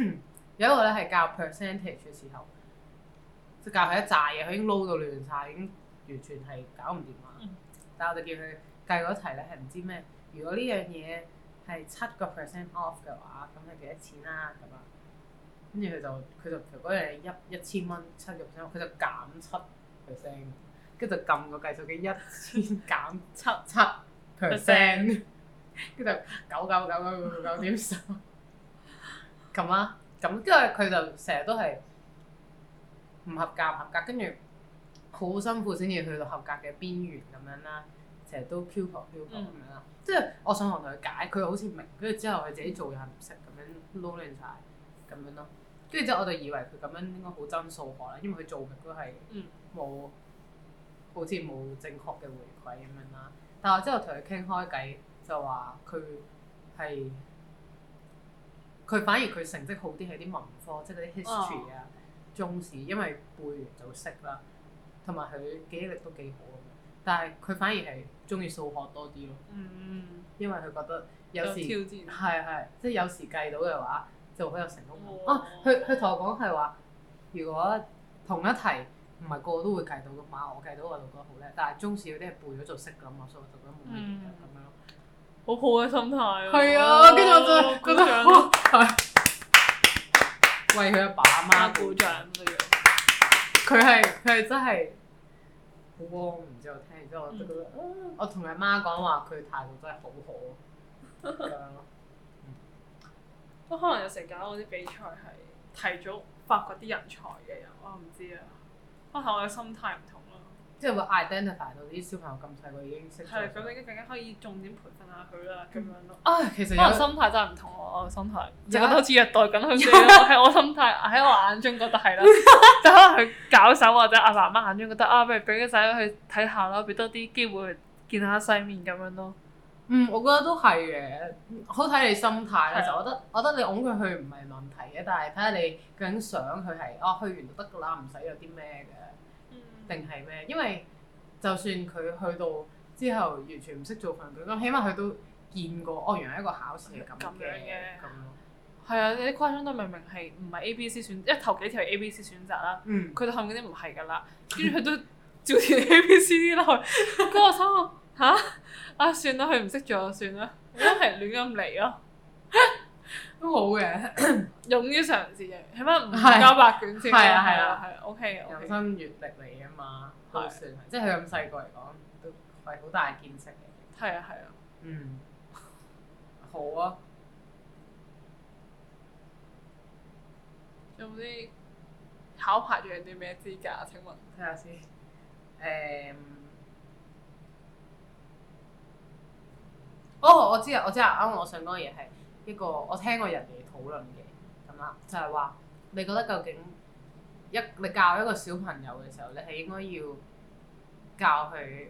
嗯、有一個咧係教 percentage 嘅時候，即教佢一揸嘢，佢已經撈到亂晒，已經完全係搞唔掂啦。嗯、但係我就叫佢計嗰題咧係唔知咩，如果呢樣嘢係七個 percent off 嘅話，咁係幾多錢啦？咁啊，跟住佢就佢就嗰樣一一千蚊七個 percent，佢就減七 percent，跟住就撳個計數機一千減七七 percent，跟住就九九九九九點三。咁啊，咁跟住佢就成日都係唔合格唔合格，跟住好辛苦先至去到合格嘅邊緣咁樣啦、啊。成日都飄過飄過咁樣啦、啊，嗯、即係我上堂同佢解，佢好似明，跟住之後，佢自己做又唔識咁樣 l o 樣撈亂晒咁樣咯。跟住之後我就以為佢咁樣應該好憎數學啦，因為佢做嘅都係冇、嗯、好似冇正確嘅回饋咁樣啦、啊。但係我之後同佢傾開偈，就話佢係。佢反而佢成績好啲係啲文科，即係啲 history 啊、oh. 中史，因為背完就識啦。同埋佢記憶力都幾好，但係佢反而係中意數學多啲咯。嗯，mm. 因為佢覺得有時，有挑戰。係係，即係有時計到嘅話就好有成功感。Oh. 啊，佢佢同我講係話，如果同一題唔係個個都會計到嘅嘛，我計到我就覺得好叻，但係中史有啲係背咗就識嘅嘛，所以我覺得冇乜嘢咁樣。Mm. Mm. 好好嘅心態啊！係啊，跟住、啊、我真係覺得好係、啊，為佢阿爸阿媽鼓掌。佢係佢係真係好 warm 然之後聽，然之後我就覺得我同你阿媽講話佢態度真係好好啊！鼓、嗯、 *laughs* 可能有成日搞嗰啲比賽係提早發掘啲人才嘅人，我唔知啊。不過我嘅心態唔同。即係會 identify 到啲小朋友咁細個已經識，係 *noise* 咁，你依家更加可以重點培訓下佢啦，咁樣咯、嗯。啊，其實可能心態真係唔同我，我心態，覺得好似虐待緊佢咯。喺我心態，喺我眼中覺得係啦， *laughs* 就可能佢搞手或者阿爸媽眼中覺得啊，不如俾個仔去睇下啦，俾多啲機會去見下世面咁樣咯。嗯，我覺得都係嘅，好睇你心態。的其實我覺得，我覺得你擁佢去唔係問題嘅，但係睇下你究竟想佢係啊，去完就得噶啦，唔使有啲咩嘅。定係咩？因為就算佢去到之後完全唔識做判卷，咁起碼佢都見過。哦，原來一個考試係咁咁樣嘅。咁咯。係啊，你啲誇張都明明係唔係 A、B、C 選一頭幾條係 A、B、C 選擇啦？佢哋判卷啲唔係㗎啦，跟住佢都照填 A、B、 *laughs* C 啲落去。跟住我心諗啊，算啦，佢唔識做就算啦，真係亂咁嚟咯。啊都好嘅， *coughs* 勇於嘗試嘅，起碼唔係交白卷先。係啊係啊係啊，OK。人生閱歷嚟噶嘛，啊、都算，即係咁細個嚟講，都係好大見識嘅。係啊係啊。啊嗯。好啊。有冇啲考牌要啲咩資格啊？請問。睇下先。誒、嗯。哦，我知啊，我知啊，啱啱我想講嘅嘢係。剛剛呢個我聽過人哋討論嘅咁啦，就係話你覺得究竟一你教一個小朋友嘅時候，你係應該要教佢，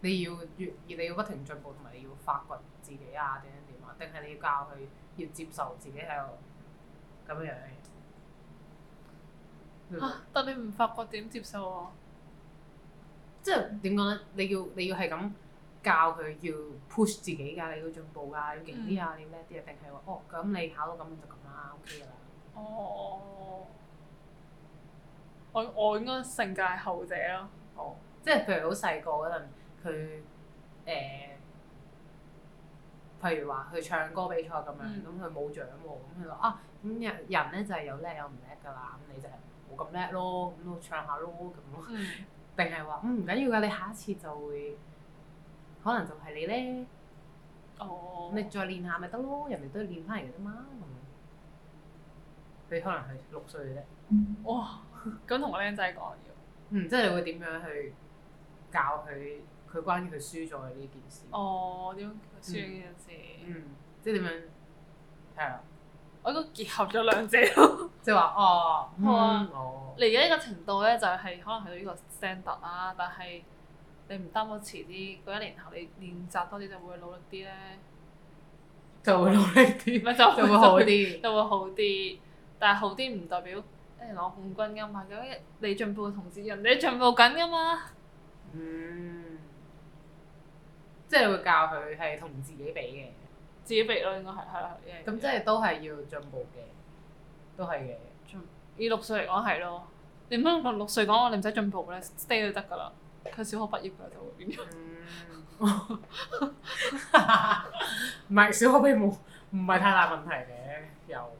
你要越你要不停進步，同埋你要發掘自己啊，點點點啊，定係你要教佢要接受自己喺度咁樣樣？啊？但你唔發覺點接受啊？即係點講咧？你要你要係咁。教佢要 push 自己㗎，你要進步㗎，要勁啲啊，你要叻啲啊，定係話哦咁你考到咁就咁啦，OK 㗎啦。哦，我我應該性格係後者咯。哦，即係譬如好細個嗰陣，佢誒、呃，譬如話去唱歌比賽咁、嗯啊、樣，咁佢冇獎喎，咁佢話啊，咁人人咧就係有叻有唔叻㗎啦，咁你就係冇咁叻咯，咁都唱下咯咁咯，定係話唔緊要㗎，你下一次就會。可能就係你咧，哦，oh. 你再練下咪得咯，人哋都要練翻嚟嘅嘛、嗯，你可能係六歲嘅啫，哇、oh. *laughs* *laughs* 嗯，咁同個僆仔講要，嗯，即係會點樣去教佢佢關於佢輸咗嘅呢件事？哦，點樣輸咗嘅事？嗯，即係點樣？係啊，我應該結合咗兩者咯，即係話哦，好啊，哦我，嚟緊呢個程度咧，就係可能到呢個 standard 啦，但係。你唔擔保遲啲嗰一年後，你練習多啲就會努力啲咧，就會努力啲，就會好啲，就會好啲。但係好啲唔代表誒攞冠軍噶嘛，咁你進步同時，人哋進步緊噶嘛。嗯，即係會教佢係同自己比嘅，自己比咯，應該係係啦。咁即係都係要進步嘅，都係嘅。進以六歲嚟講係咯，你唔通六六歲講話你唔使進步咧，stay 都得噶啦。佢小學畢業就會變咗，唔係、嗯、 *laughs* *laughs* 小學畢業冇，唔係太大問題嘅，有，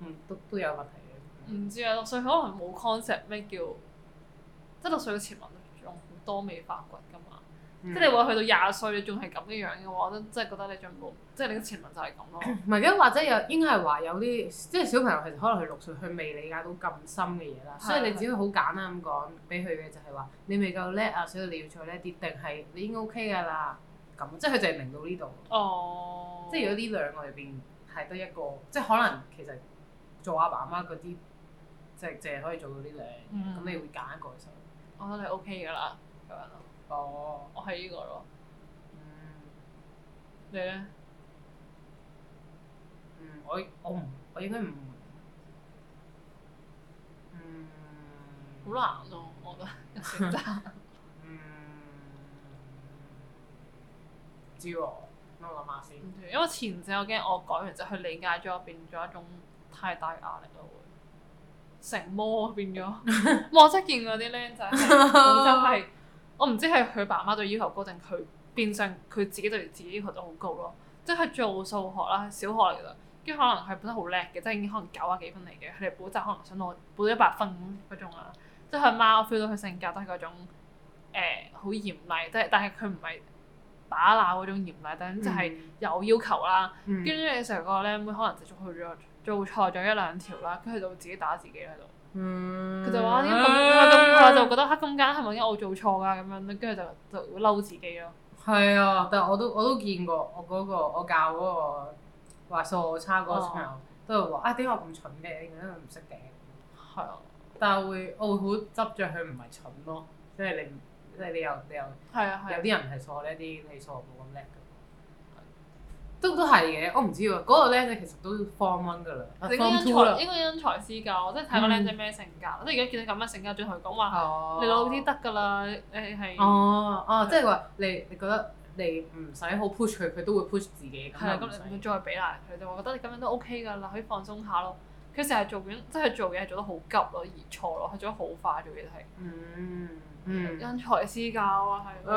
嗯都都有問題嘅。唔知啊，六歲可能冇 concept 咩叫，即係六歲嘅前文仲好多未發掘㗎嘛。即係你話去到廿歲，你仲係咁嘅樣嘅話，都真係覺得你全部，即係你嘅潛能就係咁咯。唔係或者有應該係話有啲，即係小朋友其實可能佢六歲，佢未理解到咁深嘅嘢啦。 *coughs* 所以你只要好簡單咁講俾佢嘅就係話，你未夠叻啊，所以你要再叻啲，定係你已經 OK 㗎啦。咁即係佢就係明到呢度。哦。即係如果呢兩個入邊係得一個，即係可能其實做阿爸阿媽嗰啲，即係淨係可以做到呢兩，咁你會揀一個先。我覺得你 OK 㗎啦，咁樣咯。哦，oh. 我係呢個咯。Mm. 你呢？嗯，我我唔，我應該唔。嗯，好難咯、啊，我覺得、啊。嗯。唔知喎，等我諗下先。因為前者我驚我講完之後佢理解咗變咗一種太大壓力咯，會成魔變咗。 *laughs* *laughs* 我真係見過啲僆仔就真係。 *laughs* *laughs* 我唔知係佢爸媽對要求高定佢變相佢自己對自己要求都好高咯，即係做數學啦，小學嚟噶，跟住可能佢本身好叻嘅，即係已經可能九啊幾分嚟嘅，佢哋補習可能想攞補到一百分嗰種啦。即係佢媽，媽，我 feel 到佢性格都係嗰種誒好、呃、嚴厲，即係但係佢唔係打鬧嗰種嚴厲，嗯、但係就係有要求啦。跟住你成個咧，呢妹，妹可能直續去咗做錯咗一兩條啦，跟住就自己打自己喺度。嗯，佢就話點解咁佢咁話就覺得黑空間係咪因為我做錯㗎咁樣咧，跟住就就嬲自己咯。係啊，但係我都我都見過，我嗰、嗰個我教嗰、嗰個話數學差嗰、嗰個場都係話、哎、啊，點解我咁蠢嘅，點解唔識嘅？係啊，但係會我會好執着佢唔係蠢咯，即係你即係你又你又係啊有啲人係數學叻啲，你數學冇咁叻。都都係嘅，我唔知喎。嗰個靚仔其實都 form one 噶啦。應該因才應該因材施教，即係睇個靚仔咩性格。即係而家見到咁嘅性格，再同佢講話，你老啲得噶啦，誒係。哦哦，即係話你，你覺得你唔使好 push 佢，佢都會 push 自己。係啊，咁你再俾難佢就我覺得你咁樣都 OK 噶啦，可以放鬆下咯。佢成日做緊，即係做嘢做得好急咯，而錯咯，佢做得好快做嘢係。嗯嗯，因材施教啊，係。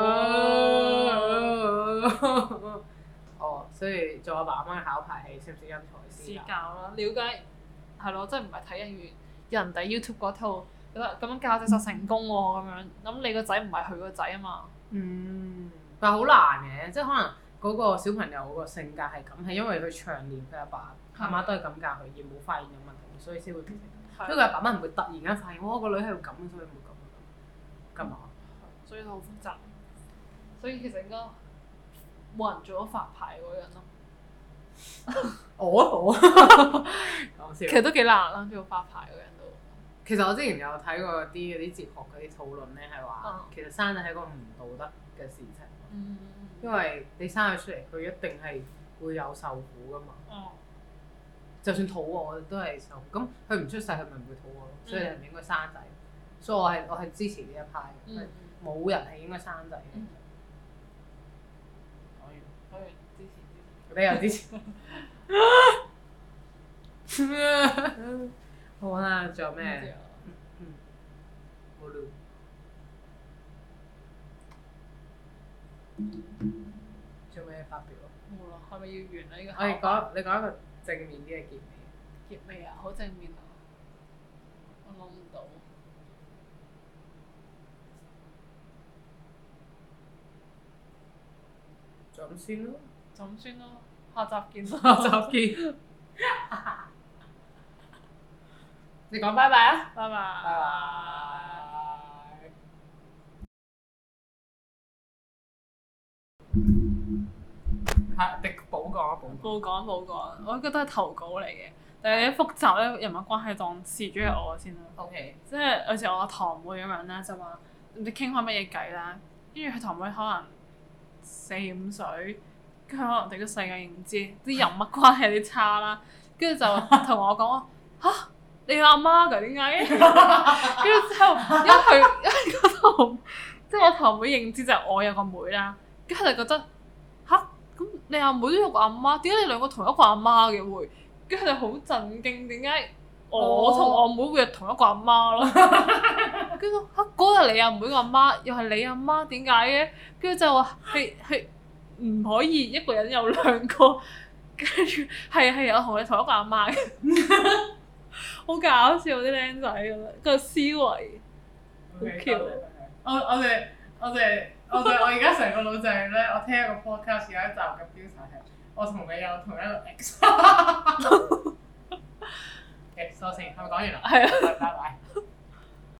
哦，oh, 所以做阿爸阿媽嘅考牌係識唔識因材施教啦，了解係咯，真係唔係睇完人哋 YouTube 嗰套覺得咁樣教就就成功喎、啊、咁樣，咁你個仔唔係佢個仔啊嘛。嗯，但係好難嘅，即係可能嗰個小朋友個性格係咁，係因為佢長年佢阿爸阿媽的都係咁教佢，而冇發現有問題，所以先會變成咁。因為佢阿爸阿媽唔會突然間發現，我、哦、個女係咁所以唔會咁。咁啊？所以好、嗯、複雜，所以其實應該。冇人做咗發牌嗰樣咯，我我講笑， *laughs* 其實都幾難啦，做發牌嗰人都。其實我之前有睇過啲嗰啲哲學嗰啲討論咧，係話、嗯、其實生仔係一個唔道德嘅事情，嗯嗯，因為你生佢出嚟，佢一定係會有受苦㗎嘛。嗯、就算肚餓都係受，咁佢唔出世，佢咪唔會肚餓咯，所以人唔應該生仔。嗯、所以我係我係支持呢一派，冇、嗯嗯、人係應該生仔。你又之前。好啊，仲有咩？嗯， *laughs* 冇咯。仲有咩發表？有啦、嗯，係咪要完啊？呢個。我講，你講一個正面啲嘅結尾。結尾啊，好正面啊！我諗唔到。咁先咯，咁先咯，下集見，下集見。你講拜拜啊，拜拜。拜拜。睇，的補講補、啊、講，補講、啊、補講、啊補講，啊補講啊，我覺得都係投稿嚟嘅。但係你複雜咧，人物關係當事主要我先啦。OK，即係好似我堂妹咁樣啦，就話你知傾開乜嘢偈啦，跟住佢堂妹可能。四五歲，跟住可能我哋嘅世界認知啲人物關係有啲差啦，跟住就同我講：嚇、 *laughs* 啊，你阿媽嘅點解？跟住之後，因為佢因為嗰度，即係我頭妹，妹認知就我有個妹啦，跟住就覺得嚇，咁、啊、你阿妹都有個阿媽，點解你兩個同一個阿媽嘅會？跟住佢哋好震驚，點解我同、哦、我妹會係同一個阿媽囉？ *laughs* 跟住嗰個係你阿妹個阿媽，又係你阿媽，點解嘅？跟住就話係係唔可以一個人有兩個。跟住係係我同你同一個阿媽， *laughs* 好搞笑啲僆仔咁樣個思維。好巧 Okay,！我我哋我哋我我而家成個腦就係咧，我聽一個 podcast 有一集嘅標題係我同你有同一個 ex。 *laughs* okay，收線，今日講完啦。係啊，拜拜。